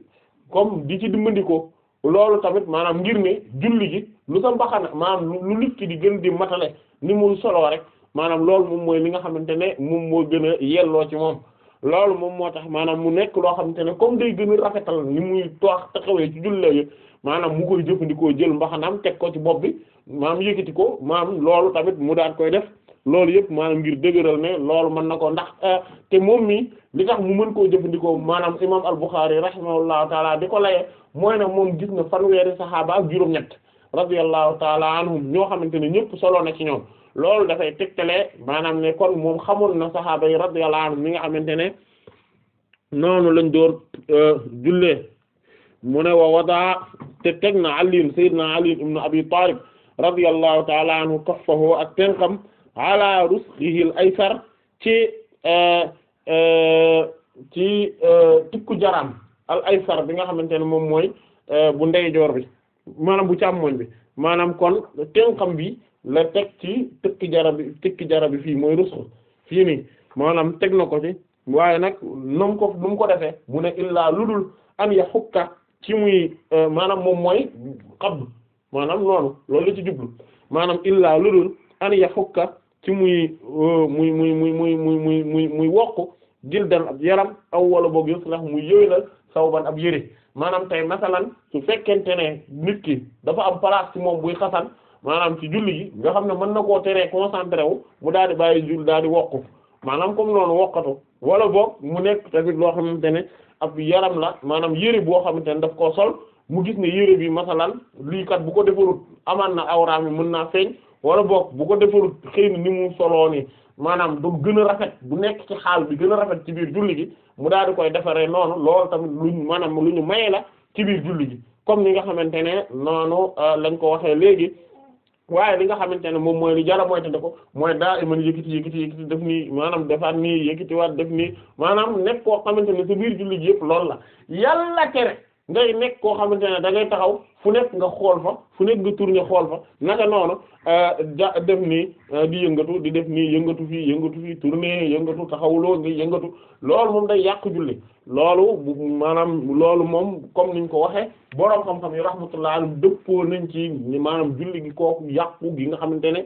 comme di ci dimbandikoo loolu tamit maanaam ngir ne julli gi lu sa mbaxana maanaam lu nit ki di gën di matale ni mu soloo rek maanaam loolu moom mooy li nga xamante ne moom moo gën a yelloo ci moom loolu moom moo tax maanaam mu nekk loo xamante ne comme day gën a rafetal ni muy toox taxawee ci julli yi maanaam mu koy jëfandikoo jël mbaxanaam teg ko ci bopp bi maanaam yëkkati ko maanaam loolu tamit mu daan koy def loolu yëpp maanaam ngir dëgëral ne loolu mën na ko ndax euh, te moom mi li tax mu mën koo jëfandikoo maanaam imam al-Bukhari rahimahullahu taala di ko laye mooy ne moom gis na fanweeri saxaaba ak juróom-ñett radiyallahu taala anhum ñoo xamante ne ñëpp solo na ci ñoom loolu dafay tegtale maanaam ne kon moom xamoon na saxaaba yi radiyallahu anhum mi nga xamante ne noonu lañ door euh, jullee mu ne wa wadaa teg na Ali sayyidina Ali ibn Abi Talib radiyallahu taala anhu ala rusxihil aysar ci e, e, ci e, tukku jaram al aysar bi nga xamante ne moom mooy bu ndeyjoor bi maanaam bu càmmoñ bi maanaam kon tenxam bi la teg ci tukki jarab bi tukki jarab bi fii mooy rusx fi nii maanaam teg na ko ci waaye nag nu ko nu ko defe mu ne illaa ludul an ya xukka ci muy maanaam moom mooy xab maanaam noonu loolu la ci jublu maanaam illaa ludul an ya xukka ci muy euh, muy muy muy muy muy muy muy muy wokk jildan ab yaram aw wala boog yos ndax muy yëwénal sawban ab yëre maanaam tey masalan su fekkente ne nit ki dafa am place ci moom buy xasan maanaam ci julli gi nga xam ne mën na koo teree concentré wu mu daal di bàyyi jul daal di wokk maanaam comme noonu wokkatu wala boog mu nekk tamit loo xamante ne ab yaram la maanaam yëre boo xamante ne daf koo sol mu gis ne yëre bi masalan liikat bu ko defarut amaan na awraam yi mën naa feeñ wala boog bu ko defarul xëy na ni mu soloo ni maanaam du gën a rafet bu nekk ci xaal bi gën a rafet ci biir julli gi mu daal di koy defaree noonu loolu tamit luñ maanaam lu ñu mayee la ci biir julli gi comme ni nga xamante ne noonu euh, lañ ko waxee léegi waaye li nga xamante ne moom mooy li jara moyte da ko mooy daa iman yëkkati yëkkati yëkkati def nii maanaam defaat nii yëkkati waat def nii maanaam nekk koo xamante ne sa biir julli gi yëpp loolu la yàlla tere ngay nekk koo xamante ne da ngay taxaw fu nekk nga xool fa fu nekk nga tourner xool fa naka noonu euh, ja def nii euh, di yëngatu di def nii yëngatu fii yëngatu fii tourner yëngatu taxawloo nga yëngatu loolu moom day yàqu julli loolu maanaam loolu moom comme niñ ko waxee boroom xam-xam yi rahmatullah dëppoo nañ ci maanaam julli gi kooku yàqu gi nga xamante ne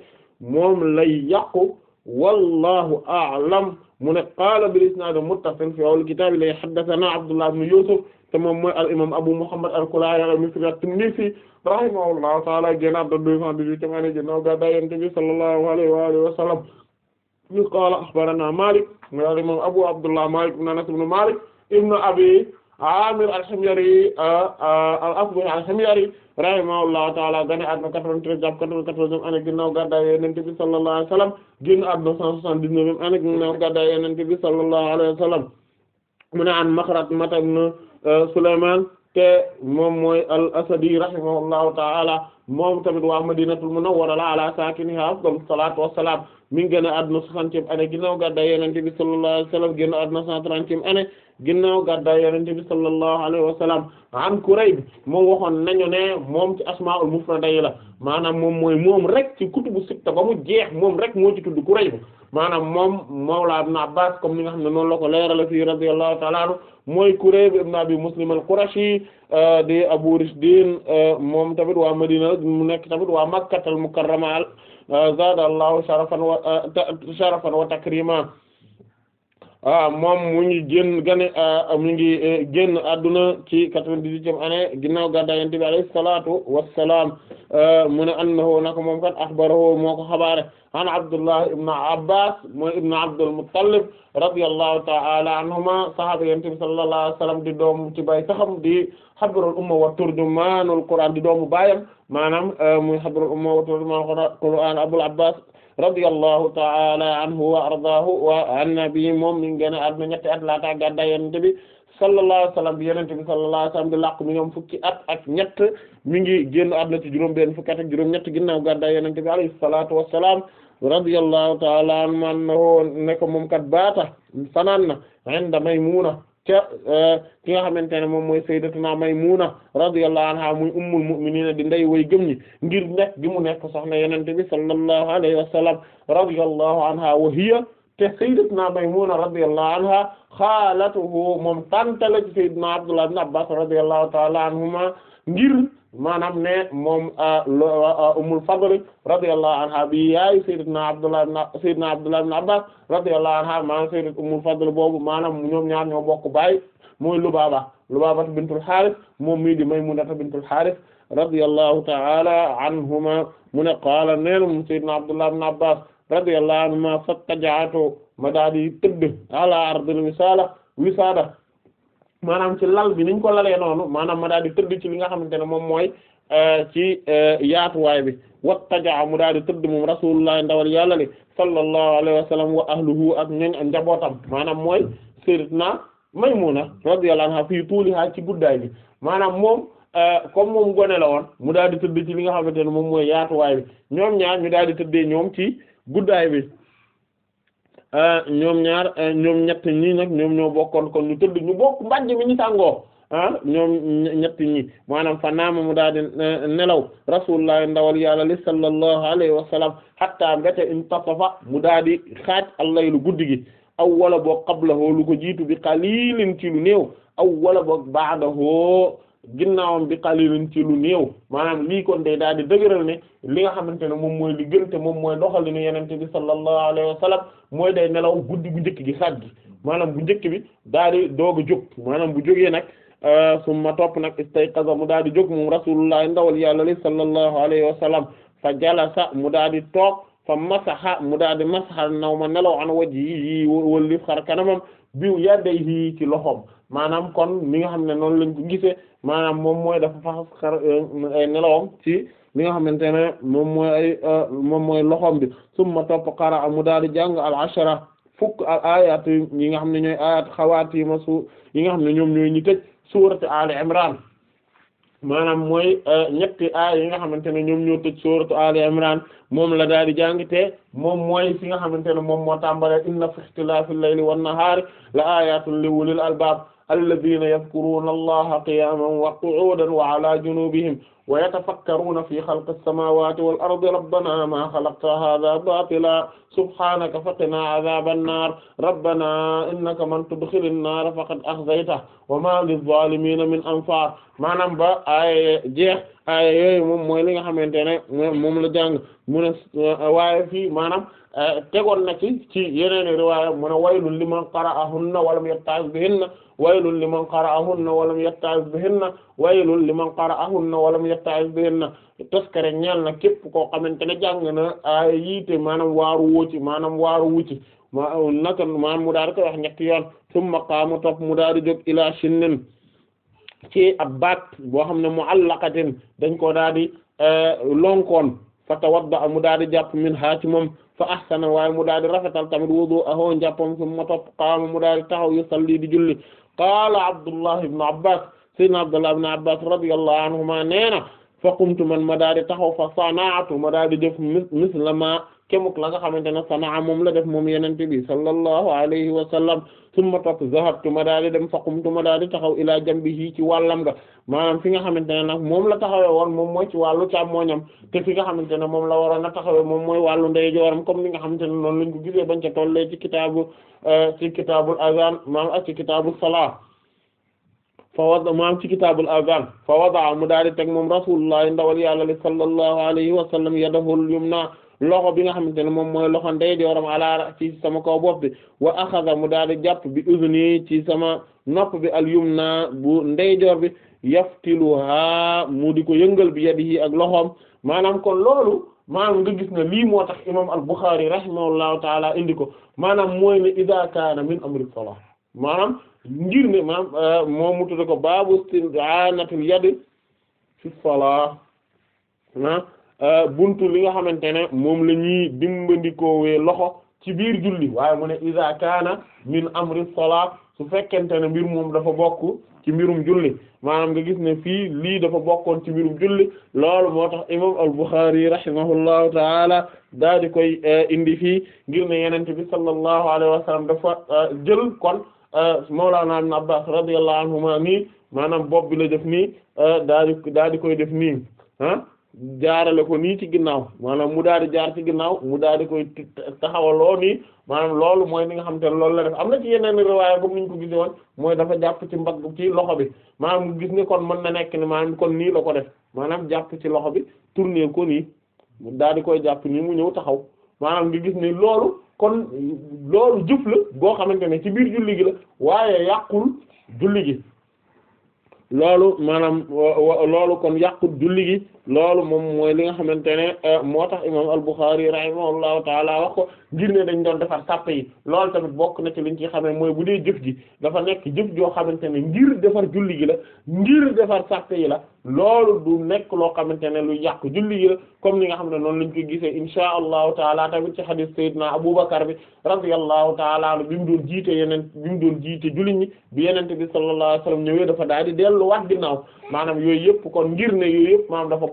moom lay yàqu wallahu a'lam mu ne qaala bil isnaad muttasil fi awwal kitaab li haddathana Abdullah ibn Yusuf te moom mooy al imam Abu Muhammad al-Kulayani al-Misri at-Tinnisi rahimahullahu ta'ala génn na 218 tam ane ginnaaw gàddaay Yonent bi sallallahu alayhi wa alihi wa sallam ñu qaala akhbarana Malik mu al imam Abu Abdullah Malik ibn Anas ibn Malik ibn Abi Amir al-Himyari ah, ah, al-Asbahi al-Himyari rahimahullahu ta'ala gane àdduna 93 jàpp 94 ane ginnaaw gàddaay Yonent bi sallallahu alayhi wa sallam ane ginnaaw gàddaay Yonent bi sallallahu alayhi wa mu ne an Makhrathmata ibn ah, Sulaymaan te moom mooy al-Asadi rahimahullahu ta'ala moom tamit waa Madinatul Munawwara ala saakinihaa afdalu salaatu wassalaam mi ngi génn àdduna 60 ane ginnaaw gàddaay Yonent bi sallallahu alayhi wa sallam génn àdduna 130 ane ginnaaw gàddaay yonent bi sallallahu alayhi wa sallam an Kurayb moom waxoon nañu ne moom ci asmaul mufrada yi la maanaam moom mooy moom rek ci kutubu sitta ba mu jeex moom rek moo ci tudd Kurayb maanaam moom mawla Ibn Abbas comme ni nga xam ne noonu la ko leerala fii radiyallahu ta'ala anhu mooy Kurayb ibn Abi Muslim al-Qurashi euh, di Abu Rishdin euh, moom tamit waa Madina mu nekk tamit waa Makkatal Mukarrama euh, zaadallahu sharafan wa sharafan wa takrima Ah, moom mu ngi génn gane ah, mu ngi eh, génn adduna ci quatre-vingt-dix-huitième année ginnaaw gàddaay Yonent bi alayhi salaatu wassalaam ah, mu ne annahu naka moom kat axbarahu moo ko xabaare an Abdullah ibn Abbas mooy ibn Abdul Muttalib ta'ala anhuma sahaaba Yonent bi sallallahu di doom ci bay saxam di habrul umma wa turjumaanul Qur'aan di doomu baayam maanaam muy habrul umma wa turjumaanul Qur'aan Abul Abbas radiyallahu ta'ala anhu wa ardaahu wa an nabi moom mi ngi a àdduna ñett at laata gàddaay Yonent bi sallallahu alayhi wa sallam bi Yonent bi sallallahu alayhi wa sallam di làq mi ñoom fukki at ak ñett mi ngi génn àdduna ci juróom benn fukki at ak juróom ñett ginnaaw gàddaay Yonent bi alayhi salaatu wa salaam radiyallahu ta'ala anhu man ne ko moom kat baata fanaan na inda Maymuna ca euh, ki nga xamante ne moom mooy sayyidatuna Maymuna radiyallahu anha muy ummul mu'minin di ndey way gëm ñi ngir nekk gi mu nekk soxna yenente bi sallallahu alayhi wa sallam radiyallahu anha wa hiya te sayyidatuna Maymuna radiyallahu anha xaalatuhu moom tantala ci sayyidina Abdullah ibn Abbas radiyallahu ta'ala anhuma ngir maanaam ne moom Ummul Fadl radiyallahu anha bi yaay sayyidina Abdullah ibn sayyidina Abdullah ibn Abbas radiyallahu anha maanaam sayyidat Ummul Fadl boobu maanaam ñoom ñaar ñoo bokk baay mooy Lubaaba Lubaaba bintul Haaris moom mii di Maymuna bintul Haaris radiyallahu ta'ala anhuma mu ne qaala neen sayyidina Abdullah ibn Abbas radiyallahu anhuma fattajaatu ma daal di tëdd ala ardil wisaala wisaada maanaam ci lal bi niñ ko lalee noonu maanaam ma daal di tëdd ci li nga xamante ne moom mooy eh, ci eh, yaatuwaay bi wattajaa mu daal di tëdd moom rasulullah ndawal yàlla li sallallahu alayhi wa sallam wa ahluhu ak ñoñ ak njabootam maanaam mooy sayyidatna Maymuna radiyallahu anha fii tuuliha ci guddaay bi maanaam moom eh, comme moom gone la mu daal di tëdd ci li nga xamante ne moom mooy yaatuwaay bi ñoom ñaar daal di tëddee ñoom ci guddaay bi ah, ñoom ñaar eh, ñoom ñett ñii nag ñoom ñoo bokkoon kon ñu tëdd ñu bokk mbàjj mi ñu sàngoo ah ñoom ñetti ñi maanaam fa naama mu daal di eh, nelaw rasulullah ndawal yàlla li sallallahu alayhi wa sallam hatta mbete intasafa mu daal di xaaj allaylu guddi gi aw wala boog qablahu lu ko jiitu bi qalilin ci lu néew aw wala boog ba'dahu ginnaawam bi qalilin ci lu néew maanaam lii kon day daal di dëgëral ne li nga xamante ne moom mooy li gën te moom mooy doxalinu yenente bi sallallahu alayhi wa sallam mooy day nelaw guddi gu njëkk gi xaaj gi maanaam bu njëkk bi daal di doog a jóg maanaam bu jógee nag euh, summa topp nag istayqaza mu daal di jóg moom rasulullah ndawal yàlla li sallallahu alayhi wa sallam fa jalasa mu daal di toog fa masaxa mu daal di masaxa naw ma nelaw an wajhi yi wëllif xar kanamam biu yadday yii ci loxoom maanaam kon mi nga xam ne noonu lañ ko gisee maanaam moom mooy dafa euh, ay nelawam ci li nga xamante ne moom mooy euh, moom mooy loxoom bi summa topp xara amu daal di jàng al ashara fukk al yi nga xam ne ñooy ayat xawaatiima su yi nga xam ne ñoom ñooy ñi tëj suuratu Ali Imran maanaam mooy euh, ñetti aay yi nga xamante ne ñoom ñoo tëj suuratu Ali Imran moom la daal di jàng te moom mooy fi nga xamante ne moom moo tàmbalee inna fi ixtilaafil layli wan nahaari la ayaatun li ulil albaab alladhina yadhkuruna allaha qiyaman wa qu'udan wa ala junubihim wa yatafakkaruna fi khalqi as-samawati wal ardi rabbana ma khalaqta hadha batila subhanaka faqina adhaban nar rabbana innaka man tudkhilin nar faqad akhzaytahu wa ma lil zalimina min ansar maanaam ba ay jeex ay yooyu moom mooy li nga xamante ne moom la jàng mu ne waaye fii maanaam Eh, tegoon na ci ci yeneen riwaaya mu ne waylun liman qara'ahunna walam yatta'iz bihinna waylun liman qara'ahunna walam yatta'iz bihinna waylun liman qara'ahunna walam yatta'iz bihinna toskare ñeel na képp koo xamante ne jàng na ay yiite maanaam waaru wuuci maanaam waaru wuuci ma naka maanaam mu daal di koy wax ñetti yoon summa qaama topp mu daal di jóg ilaa shinnin ci ab baat boo xam ne mu'allaqatin dañ koo daal di eh, lonkoon fa a mu daal di jàpp min haa ci moom. fa ahsana waaye mu daal di rafetal tamit wudu'ahu njàppam summa topp qaama mu daal di taxaw yusalli di julli qaala Abdullah ibn Abbas sayyidina Abdullah ibn Abbas radiyallahu anhuma nee na faqumtu man ma daal di taxaw fa sanaatu ma daal di def misla ma kemuk la nga xamante ne sanaa moom la def moom yenente bi sallallahu alayhi wa sallam summa topp zahabtu ma daal di dem faqumtu ma daal di taxaw ilaa jambihi ci wàllam nga maam fi nga xamante ne nag moom la taxawee woon moom mooy ci wàllu càmmooñam te fi nga xamante ne moom la waroon a taxawee moom mooy wàllu ndeyjooram comme li nga xamante ne noon lañ ko gisee bañ ca tollee ci kitaabu euh, ci kitaabul azan maanaam ak ci kitaabul salaa fa wada maam ci kitaabul azan fa wada mu daal di teg moom rasulullah ndawal yàlla li sallallahu alayhi wa sallam yadahul yumna bi nga xamante ne moom mooy loxo ndeyjooram alaara ci sama kaw bopp bi wa axada mu daal di jàpp bi uzni ci sama nopp bi al yumna bu ndeyjoor bi yaftiluha mu di ko yëngal bi yadihi ak loxoom maanaam kon loolu maanaam nga gis ne lii moo tax imam al Bukhari rahimahullahu taala indi ko maanaam mooy ne ida kaana min amri salah maanaam ngir ne maanaam euh, moom mu ko baabu istidaanatul yad fi salaa ah euh, buntu li nga xamante ne moom la ñuy dimbandikoowee loxo ci biir julli waaye mu ne iza kaana min amri salaa su fekkente ne mbir moom dafa bokk ci mbirum julli maanaam nga gis ne fii lii dafa bokkoon ci mbirum julli lool moo tax imam al-Bukhari rahimahullahu taala daal di koy euh, indi fii ngir ne yenente bi sallallahu alayhi wa sallam dafa jël kon Euh, Mawlana Ibn Abbas radiyallahu anhuma nii maanaam bopp bi la def nii euh, daa di di koy def nii ah jaarale ko nii ci ginnaaw maanaam mu daal di jaar ci ginnaaw mu daal di koy taxawaloo nii maanaam loolu mooy li nga xam te ne loolu la def am na ci yeneen riwaaya comme ni ñu ko gisee woon mooy dafa jàpp ci mbagg ci loxo bi maanaam gis ne kon mën na nekk ne maanaam kon nii la ko def maanaam jàpp ci loxo bi tourner ko nii daal di koy jàpp nii mu ñëw taxaw maanaam nga gis ni loolu kon loolu jëf la boo xamante ne ci biir julli gi la waaye yàqul julli gi loolu maanaam loolu kon yàqul julli gi loolu moom mooy li nga xamante ne euh, moo tax imam al-Bukhârî rahimahullahu taala wax ko ngir ne dañ doon defar sàpp yi loolu tamit bokk na ci liñ ci xamee mooy bu dee jëf ji dafa nekk jëf joo xamante ne ngir defar julli gi la ngir defar sàpp yi la loolu du nekk loo xamante ne lu yàq julli gi la comme ni nga xam ne noonu lañ ko gisee inshaa allahu taala tamit ci xadiis Seydina Abubakar bi radiyallahu bi mu doon jiite yeneen bi mu doon jiite julli ñi bi yenente bi sallallahu alayhi wasallam ñëwee daal di delluwaat ginnaaw yooyu yëpp kon ngir ne yooyu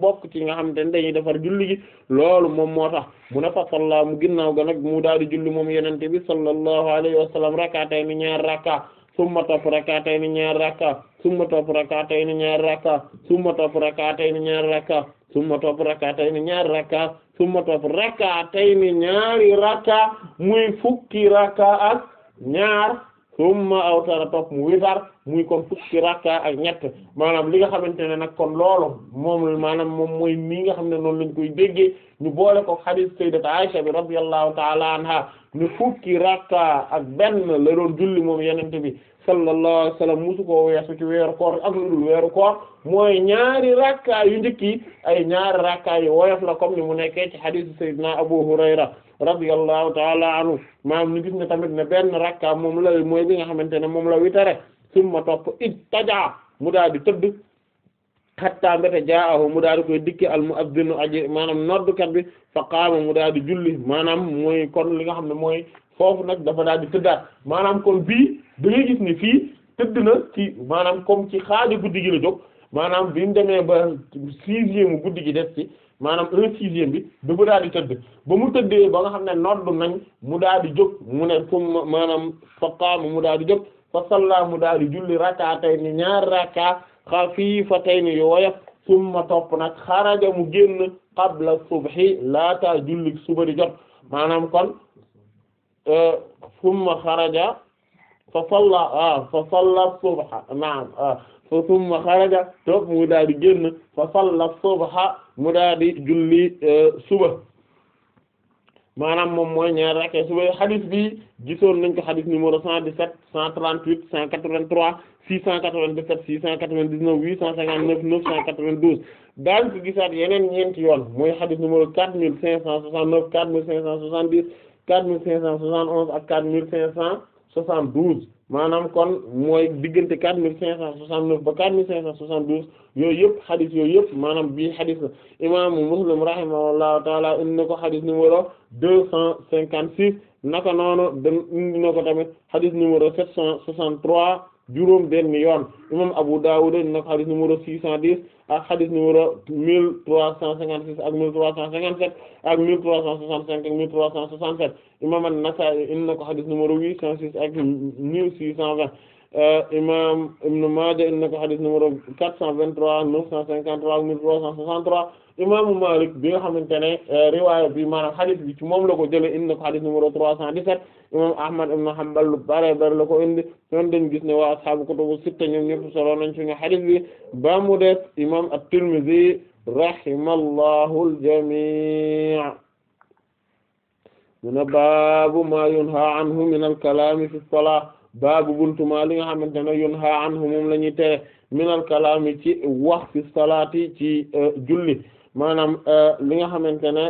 bokk ci nga xam te ne dañuy defar julli gi loolu moom moo tax mu ne fa salla mu ginnaaw ga nag mu daal di julli moom yenente bi sallallahu alayhi wa sallam rakatay ni ñaar rakka summa topp rakatay ni ñaar rakka summa topp rakatay ni ñaar rakka summa topp rakatay ni ñaar rakka summa topp rakatay ni ñaar rakka summa topp rakatay ni ñaari rakka muy fukki rakka ak ñaar summa awtara topp mu witar muy kon fukki rakka ak ñett maanaam li nga xamante ne nag kon loolu moom maanaam moom mooy nii nga xam ne noonu lañ koy déggee ñu boole ko hadith sayyidat Aisha bi radiyallahu ta'ala anha ne fukki rakka ak benn la doon julli moom yenente bi sallallahu alayhi wa sallam musu koo weesu ci weeru koor ak lu dul weeru koor mooy ñaari rakkaa yu njëkk ay ñaari rakkaa yu woyof la comme ni mu nekkee ci xadiisu Seydina Abu Hurayra radiyallahu taala anhu maam ni ne tamit ne benn rakkaa moom la mooy bi nga xamante ne moom la witare summa topp ittaja mu daal di tëdd xattaa mbéte jaahu mu daal di koy dikki al muazzinu aji maanaam noddukat bi fa qaama mu daal julli maanaam mooy kon li nga xam ne mooy foofu nag dafa daal di tëddaat maanaam kon bii da ngay gis ni fii tëdd na ci maanaam kom ci xaaju guddi gi la jóg maanaam bi mu demee ba sixième guddi gi des ci maanaam un sixième bi dafa daal di tëdd ba mu tëddee ba nga xam ne noddu nañ mu daal di jóg mu ne fu maanaam fa qaama mu daal di jóg fa salla mu daal di julli rakaatay ni ñaar raka xafiifatay ni yooya summa topp nag xaraja mu génn qabla subhi laata julli suba di jot maanaam kon summa eh, xaraja fa salla waaw ah, fa salla subha naam ah, fa summa xaraja toog mu daal di génn fa subha mu daal di julli eh, suba maanaam moom mooy ñaari rakka suba xadis bi gisoon nañ ko xadis numéro cent dix-sept cent trente-huit cent quatre-vingt-trois six cent quatre-vingt-dix-sept six cent quatre-vingt-dix-neuf huit cent cinquante-neuf neuf cent quatre-vingt-douze daañ ko gisaat yeneen ñeenti yoon mooy xadis numéro quatre mille cinq cent soixante-neuf quatre mille cinq quatre mille cinq cent soixante onze ak quatre mille cinq cent soixante douze maanaam kon mooy diggante quatre mille cinq cent soixante neuf ba quatre mille cinq cent soixante douze yooyu yëpp xadis yooyu yëpp maanaam bii xadis la imaamu Muslim rahimahullahu taala indi na ko xadis numéro deux cent cinquante six naka noonu dem indi na ko tamit xadis numéro sept cent soixante trois juróom benn yoon imam Abu Dawud nag xadis numéro 610 ak xadis numéro 1356 ak 1357 ak 1365 ak 1367 imam An-Nasa'i indi na ko xadis numéro 806 ak 1620 Euh, imam Ibn Maaja inna ko xadis numéro 423 953 1363 imaamu Maalik bi nga xamante ne euh, riwaaya bi maanaam xadis bi ci moom la ko jëlee inna ko xadis numéro 317 imam Ahmad ibn Hanbal lu bare bare la ko indi ñoom dañu gis ne waa ashaabu kutubu sitta ñoom ñëpp solo nañ suñu xadis bi ba mu des imam at-Tirmidhi rahimallahu al-jamii' mu ne baabu maa yunhaa anhu min al-kalaami fi as-salaat baabu buntumaa li nga xamante na yun ha anhu moom la ñuy tere minal kalaami ci wax fi salaati ci euh, julli maanaam euh, li nga xamante ne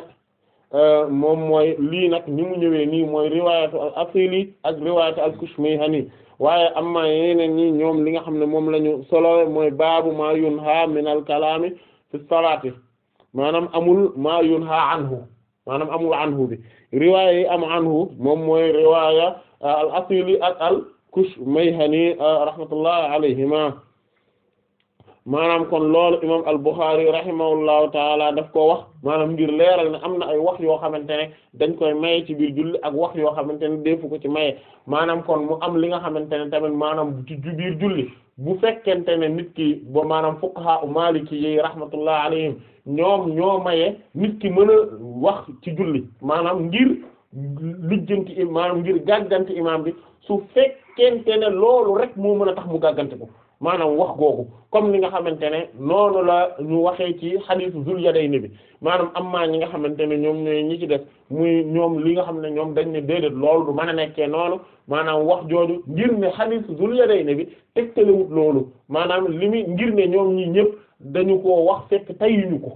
euh, moom mooy lii nag ñu mu ñëwee nii mooy riwaayatu al asili ak riwaayatu al kushmayhani waaye amma yeneen ñi ñoom li nga xam ne moom la solo mooy baabu maa yun ha maanaam amul ma yun ha anhu maanaam amul anhu bi riwaaya yi am anhu moom mooy riwaaya al asili al may Kushmayhani ah, rahmatullah alayhima maanaam kon loolu imam al-Bukhari rahimahullahu taala daf ko wax maanaam ngir leeral ne am na ay wax yoo xamante ne dañ koy maye ci biir julli ak wax yoo xamante ne defu ko ci maye maanaam kon mu am li nga xamante ne tamit maanaam ci biir julli bu fekkente ne nit ki ba maanaam fuqaha u maliki yi rahmatullah alayhim ñoom ñoo maye nit ki mën a wax ci julli maanaam ngir lijjanti maanaam ngir gàgganti imam bi su fekkente ne loolu rek moo mën a tax mu gàggante ko maanaam wax googu comme ni nga xamante ne noonu la ñu waxee ci xadiisu Zul Yadayni bi maanaam am maa ñi nga xamante ne ñoom ñooy ñi ci def muy ñoom li nga xam ne ñoom dañ ne déedéet loolu du man a nekkee noonu maanaam wax jooju ngir ne xadiisu Zul Yadayni bi tegtalewut loolu maanaam li muy ngir ne ñoom ñi ñëpp dañu ko wax fekk tayuñu ko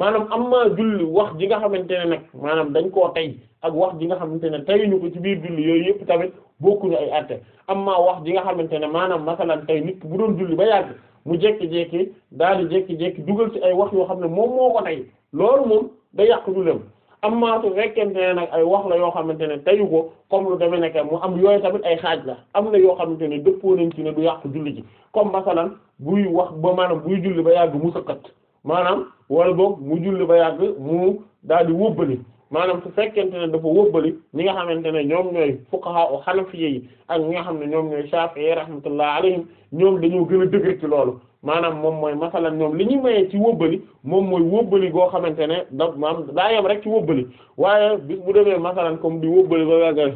maanaam am na julli wax ji nga xamante ne nag maanaam dañ koo tey ak wax ji nga xamante ne ñu ko ci biir julli yooyu yëpp tamit bokkuñu ay àtte am maa wax ji nga xamante ne maanaam masalan tey nit bu doon julli ba yàgg mu jékki-jékki daal di jékki-jékki dugal ci ay wax yoo xam ne moom moo ko tey loolu moom da yàq jullem am na su fekkente nag ay wax la yoo xamante ne teyu ko comme lu demee nekk mu am yooyu tamit ay xaaj la am na yoo xamante ne dëppoo nañ ci ne du yàq julli ji comme masalan buy wax ba maanaam buy julli ba yàgg mu sëkkat maanaam wala boog mu julli ba yàgg mu daal di wóbbali maanaam su fekkente ne dafa wóbbali ñi nga xamante ne ñoom ñooy fuqaha o xanafiye yi ak ñi nga xam ne ñoom ñooy shafi'i rahmatullah alayhim ñoom dañoo gën a dëgër ci loolu maanaam moom mooy masalan ñoom li ñu mayee ci wóbbali moom mooy wóbbali goo xamante ne da maam daa yem rek ci wóbbali waaye bis mu demee masalan comme di wóbbali ba a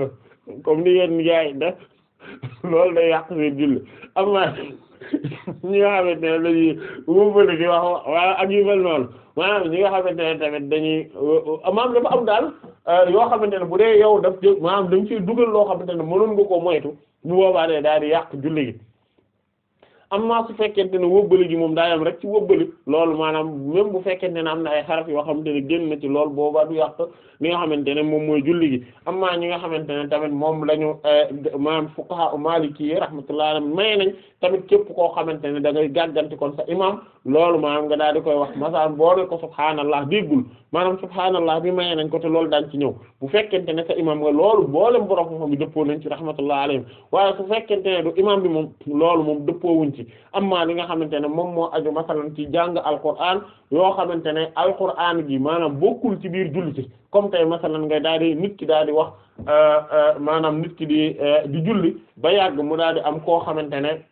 comme ni yéen yaay da loolu day yàq seen julli am na ñi nga xamante ne dañuy wóobale di yu mel noonu maanaam ñi nga xamante ne tamit dañuy maanaam dafa am daal euh, yoo xamante ne bu dee yow daf maanaam dañ ciy dugal loo xamante ne mënoon nga koo moytu bu boobaa de daal di yàq julli yi amma su fekkente ne wóbbali gi moom daayam rek ci wóbbali loolu maanaam même bu fekkente ne am na ay xaraf yoo xamante ne génn na ci loolu boobaa du yàq li nga xamante ne moom mooy julli gi amma ñi nga xamante ne tamit moom la ñu eh, maanaam fuqaha maliki yi rahmatullah alayhi may nañ tamit képp koo xamante ne da ngay gàgganti kon sa imam loolu maanaam nga daal di koy wax masalan boole ko subhaanallah déggul maanaam subhaanallah bi maye nañ ko te loolu daan ci ñëw bu fekkente ne sa imam nga loolu boolem borom xam-xam bi dëppoo nañ ci rahmatullah alayhim waaye su fekkente ne du imam bi moom loolu moom dëppoowuñ ci amma li nga xamante ne moom moo aju masalan ci jàng alquran yoo xamante ne al alquran gi maanaam bokkul ci biir julli ci comme tey masalan nga daal di nit ki daal di wax euh, euh, maanaam nit ki di euh, di julli ba yàgg mu daal di am koo xamante ne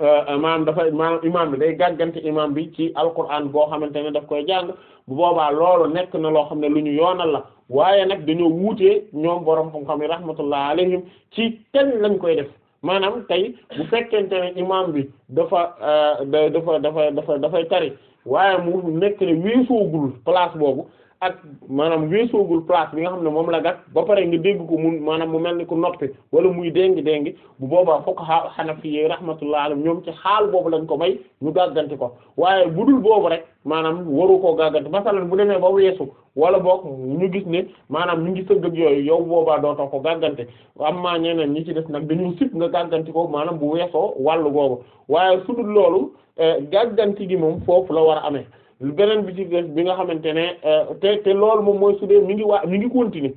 Euh, maanaam dafa maanaam imaam bi day gàggante imaam bi ci alquran boo xamante ne daf koy jàng bu boobaa loolu nekk na loo xam ne lu ñu yoonal la waaye nag dañoo wuutee ñoom borom xam-xam yi rahmatullah alayhim ci kenn lañ koy def maanaam tey bu fekkente ne imaam bi dafa euh, dafa dafa dafa dafay tari waaye mu nekk ne weesoogul place boobu ak maanaam weesoogul place bi nga xam ne moom la gas ba pare nga dégg ko mun maanaam mu mel ni ku noppi wala muy déngi déngi bu boobaa fokk xaa xanafi yi rahmatullah alam ñoom ci xaal boobu lañ ko may ñu gàgganti ko waaye bu dul boobu rek maanaam waru koo gàgganti masalan bu demee ba weesu wala boog ñu gis ne maanaam ñu ngi sëgg ak yooyu yow boobaa dootoo ko gàggante amma ñeneen ñi ci des nag dañu sip nga gàgganti ko maanaam bu weesoo wàllu boobu waaye su dul loolu eh, gàgganti gi moom foofu la war a amee lu beneen bi ci des bi nga xamante ne euh, te te loolu moom mooy su dee mi ngi waa mu ngi continuer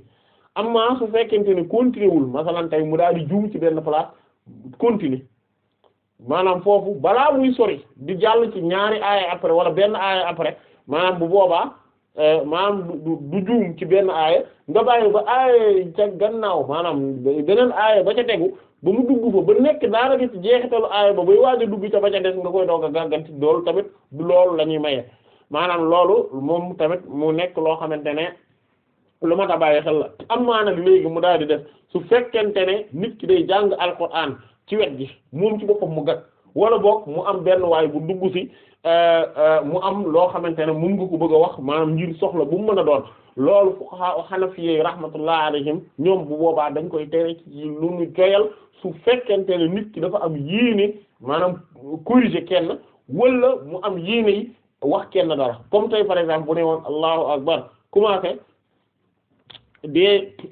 amma su fekkente ne continuer wul masalan mu daal di juum ci benn place continuer maanaam foofu balaa muy sori di jàll ci ñaari aaya après wala benn aaya après maanaam bu boobaa euh, maanaam du du juum ci benn aaya nga bàyyi ba aaya ca gannaaw maanaam beneen aaya ba ca tegu ba mu dugg fa ba nekk daanaka ci jeexitalu aaya ba bay waaj a dugg ca ba ca des nga koy doog a gàgganti loolu tamit du loolu la ñuy maye maanaam loolu moom tamit mu nekk loo xamante ne lu mat a bàyyi xel la am maa nag léegi mu daal di def su fekkente ne nit ki day jàng alquran ci wet gi moom mu gàtt wala boog mu am benn waay bu dugg si euh, euh, mu am loo xamante ne mun nga ko bëgg a wax maanaam ngir soxla bu mën a doon loolu fuqaha hanafiyyi rahmatullah alayhim ñoom bu boobaa dañ koy tere ci lu su fekkente ne nit ki dafa am yéene maanaam corriger kenn wala mu am yéene yi wax kenn dara comme tey par exemple bu ne woon allahu akbar commencé di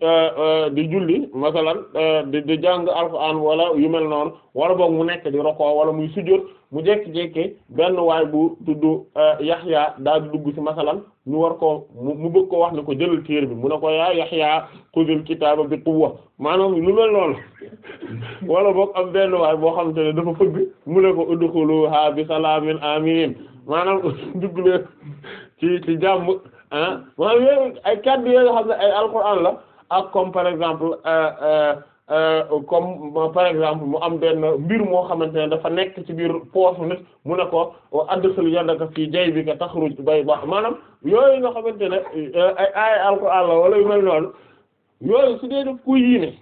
euh, euh, di julli masalan euh, di di jàng alxuraan wala yu mel noonu wala boog mu nekk di roko wala muy sujjóot mu jékki-jékki benn waay bu tudd Yaxya daal di dugg ci masalan ñu war ko mu bëgg ko wax ne ko jëlal téere bi mu ne ko yaa Yaxya xudil kitaaba bi quwwa maanaam lu noonu wala boog am benn waay boo xam te ne dafa fëgg mu ne ko udxuluha bi salaamin amin maanaam dugg leen ci ci jàmm ah maanaam yooyu ay kàddu yooyu xam ne ay an la ak comme par exemple euh, euh, euh, comme par exemple mu am benn mbir moo xamante ne dafa nekk ci biir poosu nit mu ne ko bi yadaka fii jaybika bay bayda maanaam yooyu nga xamante ne ay ay alquran la wala yu mel noonu yooyu su dee daf ko yéene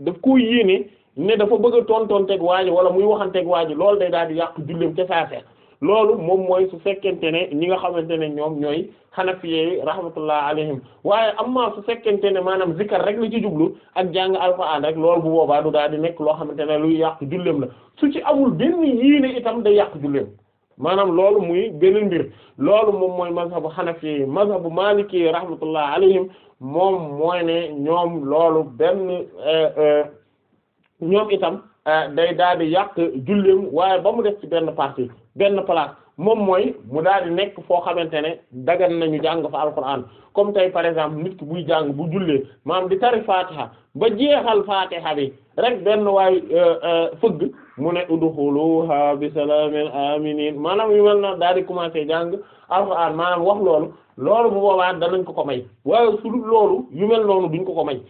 daf ko yéene ne dafa bëgg a tontonteeg waa ji wala muy waxanteeg waa ji loolu day daal di yàq julleem ca saase loolu moom mooy su fekkente ne ñi nga xamante ne ñoom ñooy xanafiyee rahmatullah alayhim waaye amma su fekkente ne maanaam zikar rek la ci jublu ak jàng alxuraan rek loolu bu boobaa du daal di nekk loo xamante ne lu yàq julleem la su ci amul benn yiine itam da yàq julleem maanaam loolu muy benn mbir loolu moom mooy mazhabu xanafi mazhabu maliki rahmatullah alayhim moom mooy ne ñoom loolu benn eh, eh, ñoom itam Euh, day daal di yàq julleem waaye ba mu def ci benn partie benn place moom mooy mu daal di nekk foo xamante ne dagan nañu jàng fa alquran comme tey par exemple nit ki buy jàng bu jullee maam di tari fatiha ba jeexal fatiha bi rek benn waay euh, euh, fëgg mu ne udxuluha bi salaamin aminin maanaam yu mel na daal di commencer jàng alquran maanaam wax loolu loolu bu boobaa danañ ko ko may waaye su loolu yu mel noonu duñ ko ko may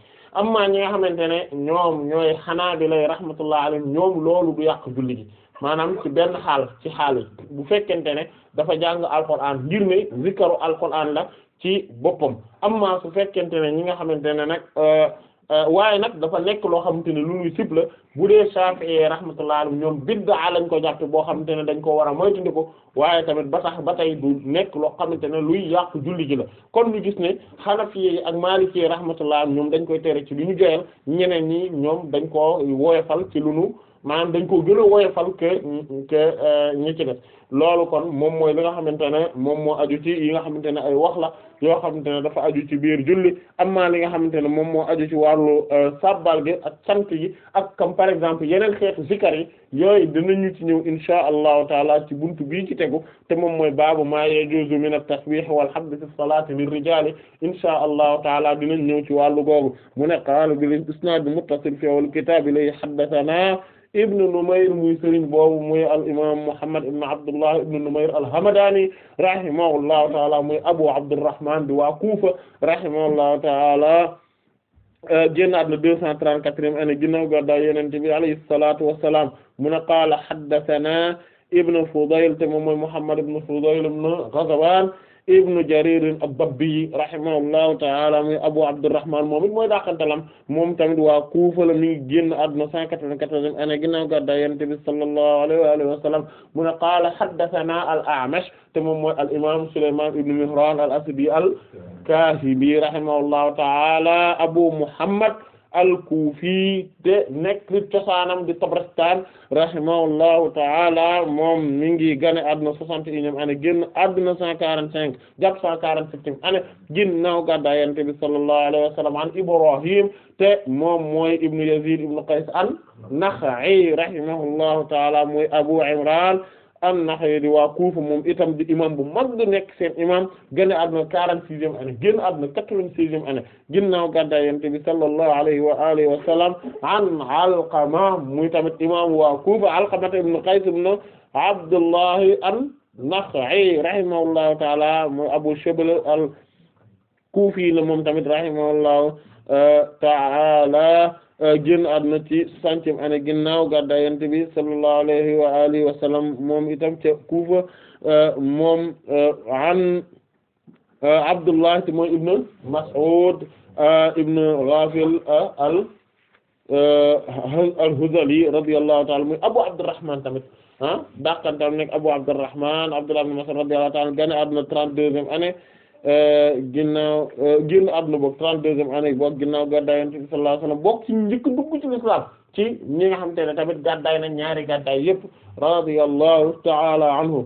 amma ñi nga xamante ne ñoom ñooy Hanaabila rahmatullah alayhim ñoom loolu du yàq julli gi maanaam ci benn xaal ci xaal bu fekkente ne dafa jàng alquran ngir ne zikaru alquran la ci boppam amma su fekkente ne ñi nga xamante ne nag euh, Euh, waaye nag dafa nekk loo xamante ne lu ñuy sib la bu dee Shafi'i rahmatullah alayhi ñoom biddaa lañ ko jàppe boo xamante ne dañ ko war a moytandi ko waaye tamit ba tax ba tey du nekk loo xamante ne luy yàq julli ji la kon lu gis ne Hanafi ak Maliki rahmatullah ñoom dañ koy tere ci lu ñu joyal ñeneen ñi ñoom dañ koo woyofal ci lu ñu maanaam dañ koo gën a woyofal que que euh, ci def loolu kon moom mooy li nga xamante ne moom moo aju ci yi nga xamante ne ay wax la yoo xamante ne dafa ci biir julli amma li nga xamante ne moom moo aju ci wàllu euh, sabbal gi ak sant yi ak comme par exemple yeneen xeetu zikar yi yooyu dinañu ci ñëw insha allahu taala ci buntu bii ci tegu te moom mooy baabu maa yajuuzu min at-tasbih wal hamd fi salaati lir-rijaal insha allahu taala dinañ ñëw ci wàllu googu mu ne qaala bil isnaad muttasil fi awwal kitaab ilay haddathanaa ibn Numayr muy sëriñ boobu muy al imam Muhammad ibn Abdullah ibn Numayr al-Hamadani rahimahullahu taala muy Abu Abdurrahman di waa Kufa rahimahullahu taala génn àdduna deux cent trente-quatrième année ginnaaw gàddaay Yonent bi alayhi salaatu wa salaam mu ne qaala haddathana ibn Fudayl te moom mooy Muhammad ibn Fudayl ibn Ghazwan ibnu Jarir ad-Dabbi rahimahullahu ta'ala muy Abu Abdurrahman moom it mooy daaxantalam moom tamit waa Kufa la mi ngi génn àdduna cent quatre-vingt-quatorzième année ginnaaw gàddaay Yonent bi sallallahu alayhi wa alihi wa sallam mu ne qaala haddathana al-A'mash te moom mooy al-imam Sulayman ibn Mihran al-Asadi al-Kasbi rahimahullahu ta'ala Abu Muhammad al-Kufi te nekk cosaanam di Tabaristan rahimahullahu ta'ala moom mi ngi gane àdduna soixante et unième année génn àdduna cent quarante cinq jàpp cent quarante septième année ginnaaw gàddaay Yonent bi sallallahu alayhi wa an Ibrahim te moom mooy ibnu Yazid ibnu Qays an-Nakha'i rahimahullahu ta'ala mooy Abu Imran an-Naxiri waa Kuufa moom itam di imam bu mag nekk seen imam génn àdduna quarante-sixième année génn àdduna quatre-vingt-sixième année ginnaaw gàddaay Yonent bi sallallahu alayhi wa alihi wa sallam an Alqama muy tamit imam waa Kuufa Alqama ibn Qays ibn Abdullah an-Naxa'i rahimahullahu ta'ala mooy Abu Shibl al-Kufi la moom tamit rahimahullahu ta'ala Euh, génn àdduna ci centième année ginnaaw gàddaay yonent bi sallallahu alayhi wa alihi wa sallam moom itam ca Kufa euh, moom euh, an Abdullah te mooy ibn Mas'ud ibn Ghafil al al-Hudhali radiyallahu ta'ala mooy Abu Abdurrahman tamit ah dàqantam nekk Abu Abdurrahman Abdullah ibn Mas'ud radiyallahu ta'ala gane àdduna trente-deuxième année Euh, ginnaaw euh, génn àdduna boog trente-deuxième année bi boog ginnaaw gàddaay Yonent bi sallallahu alayhi wasallam boog ci njëkk dugg ci l'islam ci ñi nga xamante ne tamit gàddaay na ñaari gàddaay yépp radiyallahu ta'ala anhu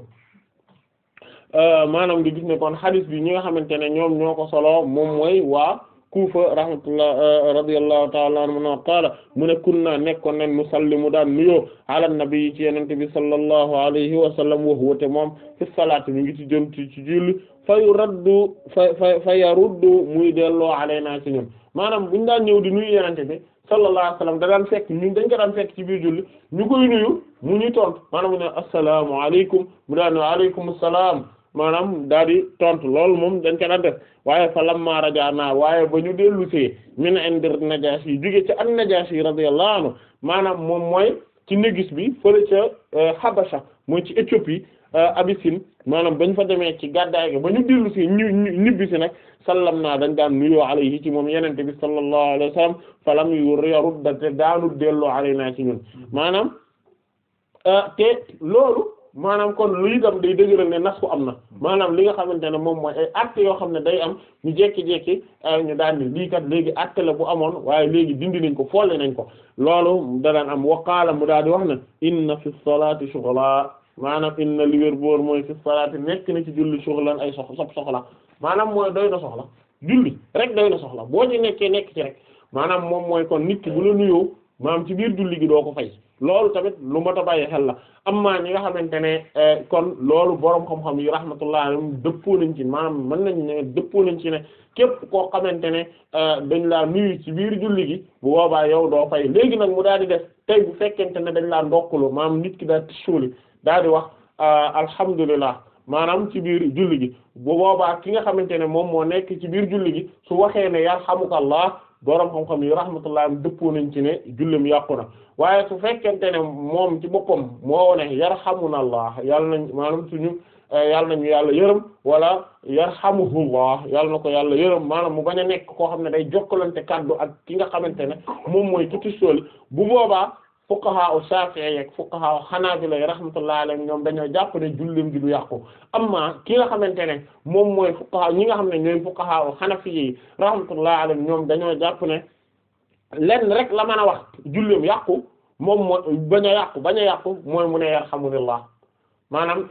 euh, maanaam nga gis ne kon hadith bi ñi nga xamante ne ñoom ñoo ko solo moom mooy waa Kufa rahmatullah euh, radiyallahu ta'ala anhu na qaala mu ne kunna nekkoon nañ nusallimu daan nuyoo ala nabi ci yenente bi sallallahu alayhi wa sallam wa huwa te moom fi salaati mi ngi ci jëm ci ci julli fa yuraddu fa fa fa yaruddu muy delloo alaynaa ci ñun maanaam buñu daan ñëw di nuyu yenente bi sallallahu alayhi wa da daan fekk ñun dañ ko daan fekk ci biir julli ñu koy nuyu mu ñuy tontu maanaam mu ne assalaamu alaykum mu daan waaleykum salaam maanaam daal tontu loolu moom dañ ko daan waaye waaye fa lamma rajaana waaye ba ñu dellusee min indi najaas yi jóge ci an najaas yi radiyallahu anhu maanaam moom mooy ci négis bi fële ca euh, Habasha mooy ci Éthiopie euh, Abyssinie maanaam bañ fa demee ci gàddaay ga ba ñu dellusee ñu ñibbi si nag sallam naa dañ daan nuyoo alayhi ci moom yenente bi sallallahu alayhi wa sallam falam yu yarudda te daanu delloo alay naa ci ñun maanaam euh, te loolu maanaam kon lu itam day dëgëral ne nas am na hmm. maanaam li nga xamante ne moom mooy ay acte yoo xam ne day am ñu jekki-jekki euh, ñu daan ni lii kat léegi acte la bu amoon waaye léegi dindi nañ ko foole nañ ko loolu da daan am waqaala mu daal di wax ne inna fi salaati shughla maanaam inna li wér boor mooy fi salaati nekk na ci julli shughlan ay sox sob soxla maanaam mooy doy na soxla julli rek doy na soxla boo ci nekkee nekk ci rek maanaam moom mooy kon nit ki bu la nuyoo maanaam ci biir julli gi doo ko fay loolu tamit lu mot a bàyyi xel la amma ñi nga xamante ne eh, kon loolu borom xam-xam yi rahmatullah alayhim dëppoo nañ ci maanaam mën nañ ne dëppoo nañ ci ne képp koo xamante ne eh, dañ la nuyu ci biir julli gi bu boobaa yow doo fay léegi nag mu daal di def tey bu fekkente ne dañ laa ndokkaloo maanaam nit ki daal di suuli daal di wax eh, alhamdulillah maanaam ci biir julli gi bu boobaa ki nga xamante ne moom moo nekk ci biir julli gi su waxee ne yarhamukallah boroom xam-xam yi rahmatullah dëppoo nañ ci ne jullim yàqu na waaye su fekkente ne moom ci boppam moo ne yarhamunallah yàlla nañ maanaam suñu eh, yàlla nañu yàlla yërëm wala yarhamuhullah yàlla na ko yàlla yërëm maanaam mu bañ a nekk koo xam ne day jokkalante kàddu ak ki nga xamante ne moom mooy ki tisooli bu boobaa fuqaha u Shafi'i ak fuqaha u Hanabila rahmatullahi alayhim ñoom dañoo jàpp ne jullim gi du yàqu amma ki nga xamante ne moom mooy fuqaha ñi nga xam ne ñooy fuqaha u Hanafi rahmatullahi alayhim ñoom dañoo jàpp ne lenn rek la man a wax jullim yàqu moom moo bañ a yàqu bañ a yàqu mooy mu ne yarhamunillah maanaam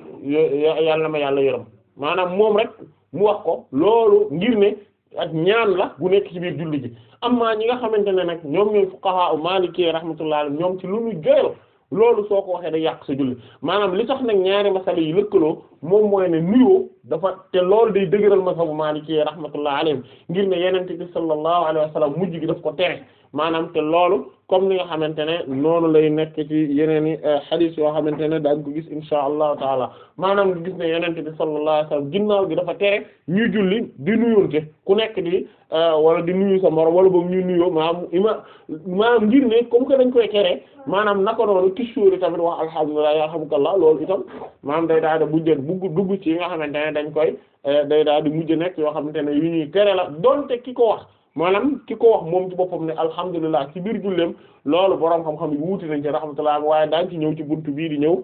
yàlla ma yàlla yërëm maanaam moom rek mu wax ko loolu ngir ne ak ñaan la bu nekk ci biir julli ji amma ñi nga xamante ne nag ñoom ñooy fuqaha maliki rahmatullah alayhi ñoom ci lu ñu joyal loolu soo ko waxee day yàq sa julli maanaam li tax nag ñaari masala yi lëkkaloo moom mooy ne nuyoo dafa te loolu day dëgëral masabu maliki rahmatullah alayhi ngir ne yenente bi sallallahu alayhi wa sallam mujj gi daf ko tere maanaam te loolu comme ni nga xamante ne noonu lay nekk ci yeneen i euh, xadiis yoo xamante ne daañ ko gis insha allahu taala maanaam gis ne yenente bi sallallahu alayhi wasallam ginnaaw gi dafa tere ñuy julli di nuyonte ku nekk di euh, wala di nuyu sa moroom wala boog ñuy nuyoo maanaam ima ngir ne comme que dañ koy tere maanaam naka noonu tissuuri tamit wax alhamdulilah yarhamukallah loolu itam maanaam day daal di bujjën bugg dugg ci yi nga xamante ne dañ koy euh, day daal di mujj nekk yoo xamante ne yu ñuy tere la donte ki ko wax maanaam ki ko wax moom ci boppam ne alhamdulilah ci biir julleem loolu boroom xam-xam yi wuuti nañ ci rahmatullah waaye daañ ci ñëw ci buntu bii di ñëw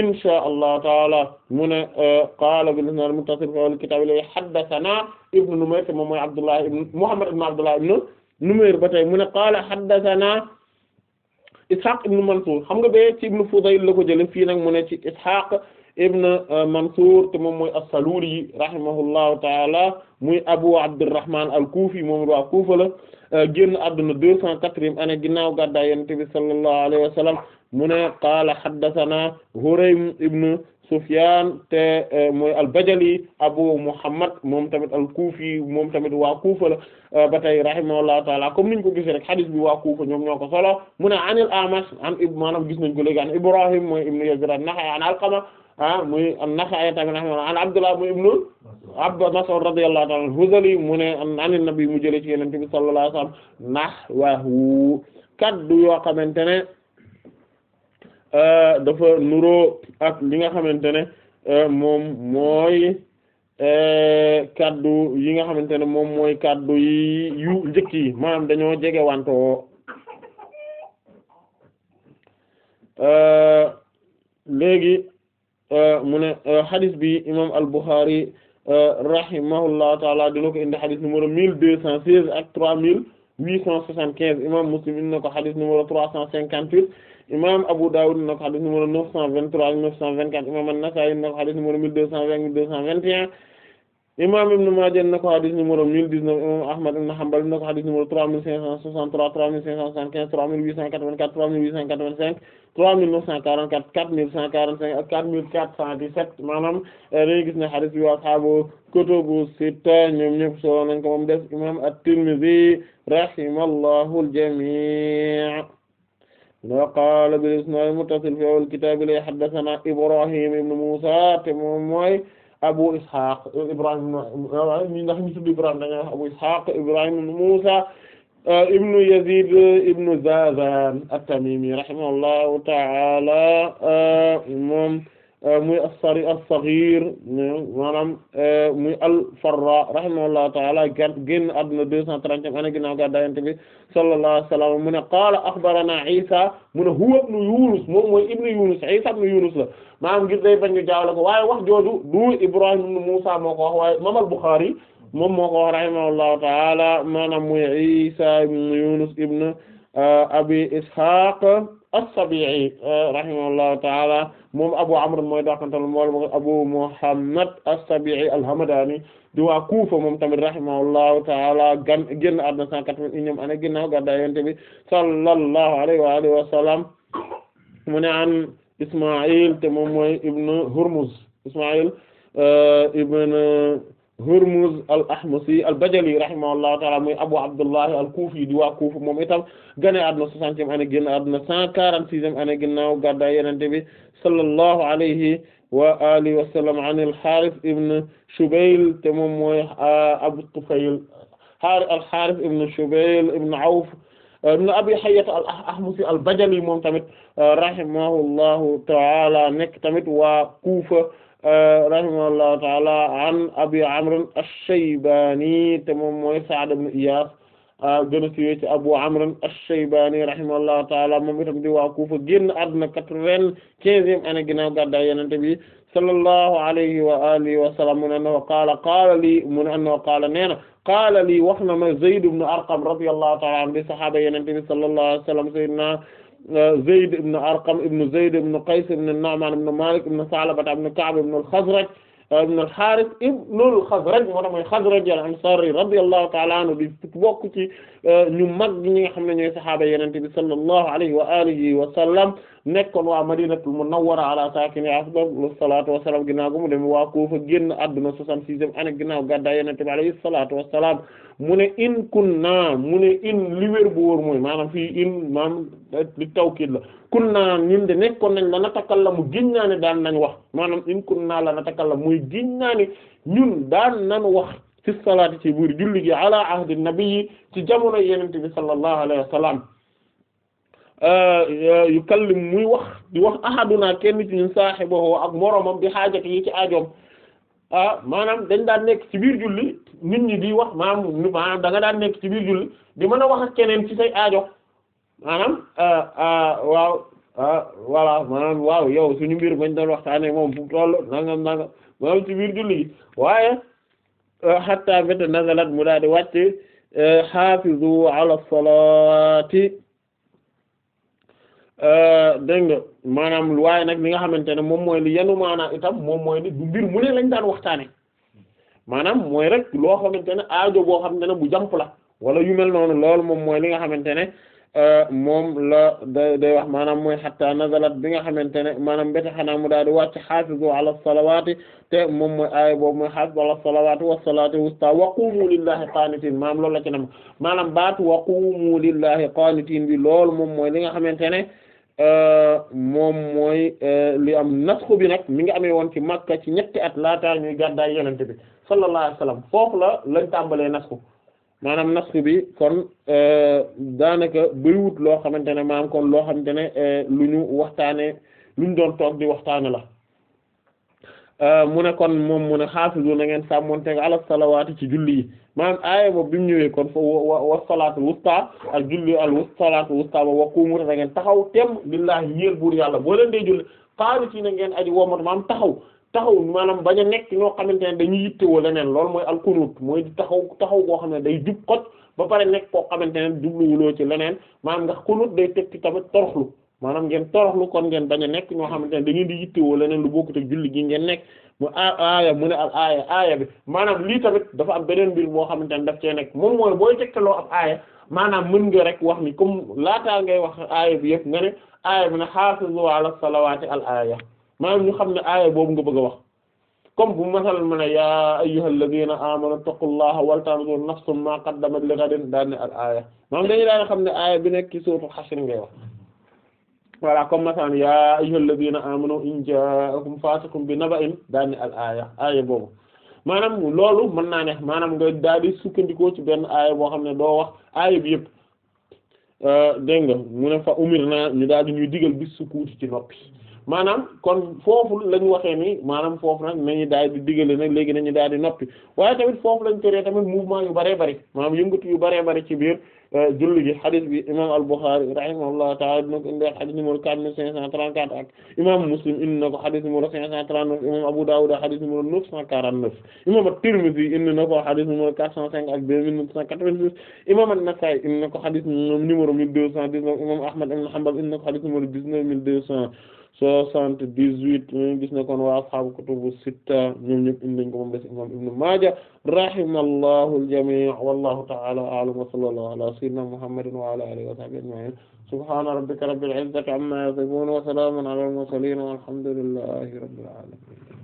insha allah taala mu ne euh, qaala bil isnaad muttasil fil kitaab li haddathana ibnu numayr moom mooy abdullah ibn muhammad ibn abdullah qaala haddathana ishaq ibnu mansuur xam nga bee ci ibnu fudayl la ko jële fii nag mu ne ci ishaq ibn euh, Mansour te moom mooy as-Saluli rahimahullahu taala muy Abu Abdurrahman al-Kufi moom waa Kufa la euh, génn àdduna deux cent quatrième année ginnaaw gàddaay Yonent bi sallallahu alayhi wa sallam mu ne qaala haddathana Huraym ibn Sufyan te euh, mooy al-Bajali Abu Muhammad moom tamit al-Kufi moom tamit waa Kufa la ba tey rahimahullahu taala comme niñ ko gisee rek hadith bi waa Kufa ñoom ñoo ko solo mu ne anil Amash an maanaam gis nañ ko léegi an Ibrahim mooy ibn Yazid an-Nakha'i an Alqama ah muy an-Nasa'i tamit rahimahullah an Abdullah ibn Abd Mas'ud radiyallahu ta'ala al-Hudhali mu ne an nabi mu jëlee ci Yonent bi sallallahu alayhi wa sallam nahwahu kaddu yoo xamante ne euh, dafa nuroo ak li nga xamante ne euh, moom mooy euh, kaddu yi nga xamante ne moom mooy kaddu yi yu njëkk yi maanaam dañoo jege wantoo léegi Euh, mu ne euh, hadith bi imam al-Bukhari euh, rahimahullahu taala dina ko indi hadith numéro mille deux cent seize ak trois mille huit cent soixante quinze imam Muslim indi na ko hadith numéro trois cent cinquante huit imam Abu Dawud indi na ko hadith numéro neuf cent vingt trois neuf cent vingt quatre imam An-Nasa'i indi ko hadith numéro mille deux cent vingt mille deux cent vingt un imam Ibn Maaja indi na ko hadith numéro mille dix neuf imam Ahmad ibn Hanbal indi na ko hadith numéro trois mille neuf cent quarante quatre quatre mille cent quarante cinq ak quatre mille quatre cent dix-sept maanaam eh, dañuy gis ne hadith bi wa ashaabu kutubu sitta ñoom ñëpp solo nañ ko moom des imam at-Tirmidhi rahimallahu al-jamii' wa qaala bil isnaad muttasil fi awwal kitaab li haddathana Ibrahim ibn Musa te moom mooy Abu Ishaq Ibrahim mi ndax ñu tudd Ibrahim dañuy wax Abu Ishaq Ibrahim ibn Musa Euh, ibnu yazid ibnu zazan at-tamimi rahimahullahu ta'ala euh, moom euh, muy as-sari as-saghir maanaam muy al-farra rahimahullahu ta'ala gàtt génn àdduna deux cent trentième année ginnaaw gàddaay Yonent bi sallallahu alayhi wa sallam mu ne qaala akhbarana Isa mu ne huwa ibnu Yunus moom mooy ibnu Yunus Isa ibnu Yunus la maanaam ngir day bañ ñu jaawale ko waaye wax jooju du Ibrahim ibnu Musa moo ko wax waaye Imam al-Bukhari moom moo ko wax rahimahullahu taala maanaam muy Isa uh, Ishaq as-Sabi'i uh, rahimahullahu taala moom Abu Amr mooy daakantal mool mo Abu Muhammad as-Sabi'i al-Hamadani di waa Kufa moom tamit rahimahullahu taala gan génn cent quatre-vingt-unième année ginnaaw gàddaay Yonent bi sallallahu alayhi wa alihi wa sallam mu ne an Isma'il te moom mooy ibn Hurmuz Isma'il uh, Hurmuz al-Ahmasi al-Bajali rahimahullahu ta'ala muy Abu Abdullah al-Kufi di waa Kufa moom itam gane àdduna soixantième année génn àdduna cent quarante-sixième année ginnaaw gàddaay Yonent bi sallallahu alayhi wa alihi wa sallam an al-Harith ibn Shubayl te moom mooy ah, Abu Tufayl al-Harith ibn Shubayl ibn Awf ibn Abi Hayya al-Ahmasi al-Bajali moom tamit ah, rahimahullahu ta'ala nekk tamit waa Kufa rahimahullahu taala an abi amr ash-shaybani te moom mooy sa'd ibn iyas gën a siiwee ci abu amr ash-shaybani rahimahullahu taala moom itam di waa kufa génn àdduna quatre-vingt-quinzième année ginnaaw gàddaay yonent bi sallallahu alayhi wa alihi wa sallam mu ne anna wa qaala qaala lii mu ne anna wa qaala nee na qaala lii wax na ma zayd ibn arqam radiyallahu taala anhu di sahaaba yonent bi sallallahu alayhi wa sallam sayyidina Zayd ibn Arqam ibn Zayd ibn Qays ibn Nu'man ibn Malik ibn Sa'laba ibn Ka'b ibn al-Khazraj ibn al-Harith ibn al-Khazraj moo tax mooy Khazraj al-Ansari radiyallahu ta'ala anhu di bokk ci euh, ñu mag ñi nga xam ne ñooy saxaaba Yonent bi sallallahu alayhi wa alihi wa sallam nekkoon waa madinatul munawwara ala saakini afdalu salaatu wassalaam ginnaaw gu mu dem waa Kufa génn àdduna soixante-sixième année ginnaaw gàddaay yonent bi alayhi salaatu wassalaam mu ne in kunna mu ne in li wér bu wóor mooy maanaam fii in maanaam li la kunna ñun de nekkoon nañ la natakallamu giñ naa ne daal nañ wax maanaam in kunna la natakallamu muy giñ naa ne ñun daan nañ wax fi salaati ci buur julli gi ala ahdi nabi ci jamono yonent bi sallallahu Euh, yu kallim muy wax di wax ahaduna kenn ci ñun saahibahu ak moroomam bi xaajat yi ci aajoom ah maanaam dañ daan nekk ci biir julli nit ñi di wax maanaam maanaam da nga daan nekk ci biir julli di mën a wax ak keneen ci say aajo maanaam ah, ah, waaw ah, voilà maanaam waaw yow suñu mbir mañ doon waxtaanee moom fu toll nangam nangam maanaam ci biir julli gi waaye hatta bata nazalat mu daal di wàcc hafizu eh, ala salati Euh, dégg nga maanaam waaye nag li nga xamante ne moom mooy li yanu maanaam itam moom mooy ni du mbir mu lañ daan waxtaane maanaam mooy rek loo xamante ne aajo boo xamante ne bu jàmp la wala yu mel loolu moom mooy li nga xamante ne euh, moom la day day wax maanaam mooy xatta nazalat bi nga xamante ne maanaam mbéte xanaa mu daal di wàcc xaafizu ala salawaati te moom mooy aaya boobu mooy xaafizu ala salawaati wa salaati wusta wa qumu lillahi qaanitiin maanaam loolu la ci nam maanaam baatu wa qumu lillahi qaanitiin bi loolu moom mooy li nga xamante ne Euh, moom mooy euh, li am nasxu bi nag mi ngi amee woon ci Makka ci ñetti at laataa ñuy gàddaay yenente bi sallallahu wa sallam foofu la lañ tàmbalee nasxu maanaam nasxu bi kon euh, daanaka wut loo xamante ne maanaam kon loo xamante ne lu ñu waxtaane lu ñu doon toog di waxtaane la Euh, mu ne kon moom mu ne xaafisu na ngeen sàmmonteeg ala salawaati ci julli yi maanaam aaya boobu bi mu ñëwee kon fa wa wa salaatu wusta ak julli al salaatu wusta ba wa quumu na ngeen taxaw tem billaahi ñeel buur yàlla boo leen dee julli qaanitiin na ngeen aji womat maanaam taxaw taxaw maanaam bañ a nekk ñoo xamante ne dañuy yittewoo leneen lool mooy alkunuut mooy taxaw taxaw koo xam ne day jub xoj ba pare nekk koo xamante ne jubluwuloo ci leneen maanaam ndax kunuut day tekki tamit toroxlu maanaam ngeen toroxlu kon ngeen bañ nekk ñoo xamante ne da ngeen di yittewoo leneen lu bokkut ak ngeen ne al aaya aaya bi maanaam lii tamit dafa am beneen mbir moo xamante ne daf cee nekk moom mooy booy tegtaloo ab aaya maanaam mën nga rek wax ni comme laataa ngay wax aaya bi yëpp nga ne aaya bi ne xaafizu ala salawaati al aaya maanaam ñu xam ne aaya boobu nga bëgg a wax comme bu masal ma ne yaa ayyuhal ladina amanu taqullaha wal tanzur nafsum ma qaddamat li ghadin daal ne al aaya maanaam dañu daan xam ne aaya bi nekk ci suuratul Hashr ngay wax voilà comme masalan yaa ayyuhal ladina amanu in ja'akum fasiqun bi naba'in daani al aaya aaya boobu maanaam loolu mën naa ne maanaam nga daal di sukkandikoo ci benn aaya boo xam ne doo wax aaya bi yëpp euh, dégg nga mu ne fa umir naa ñu daal di ñuy digal bis sukuuti ci noppi maanaam kon foofu lañ waxee ni maanaam foofu nag nañu daal di digale nag léegi nañu daal di noppi waaye tamit foofu lañ teree tamit mouvement yu bare bari maanaam yëngatu yu baree bari ci biir julli gi xadis bi imam al-Bukhari rahimahullahu ta'ala dina ko indi xadis numéro 4534 ak imam Muslim indi ko xadis numéro 539 imam Abu Dawud xadis numéro 949 imam at-Tirmidhi indi na ko xadis numéro 405 ak 2986 imam an-Nasa'i indi ko xadis numéro 1219 imam Ahmad ibn Hanbal indi ko xadis numéro 19200 soixante-dix-huit mi gis na kon waa ashaabu kutubu sitta ñoom ñëpp indi nañ ko moom des imam ibnu maaja rahimallahu al-jamii' wallahu ta'ala a'lam wa sallallahu ala sayyidina muhammadin wa ala alihi wa sahbihi ajma'in subhana rabbika rabbil izzati amma yasifun wa salamun ala al-mursalin walhamdulillahi rabbil alamin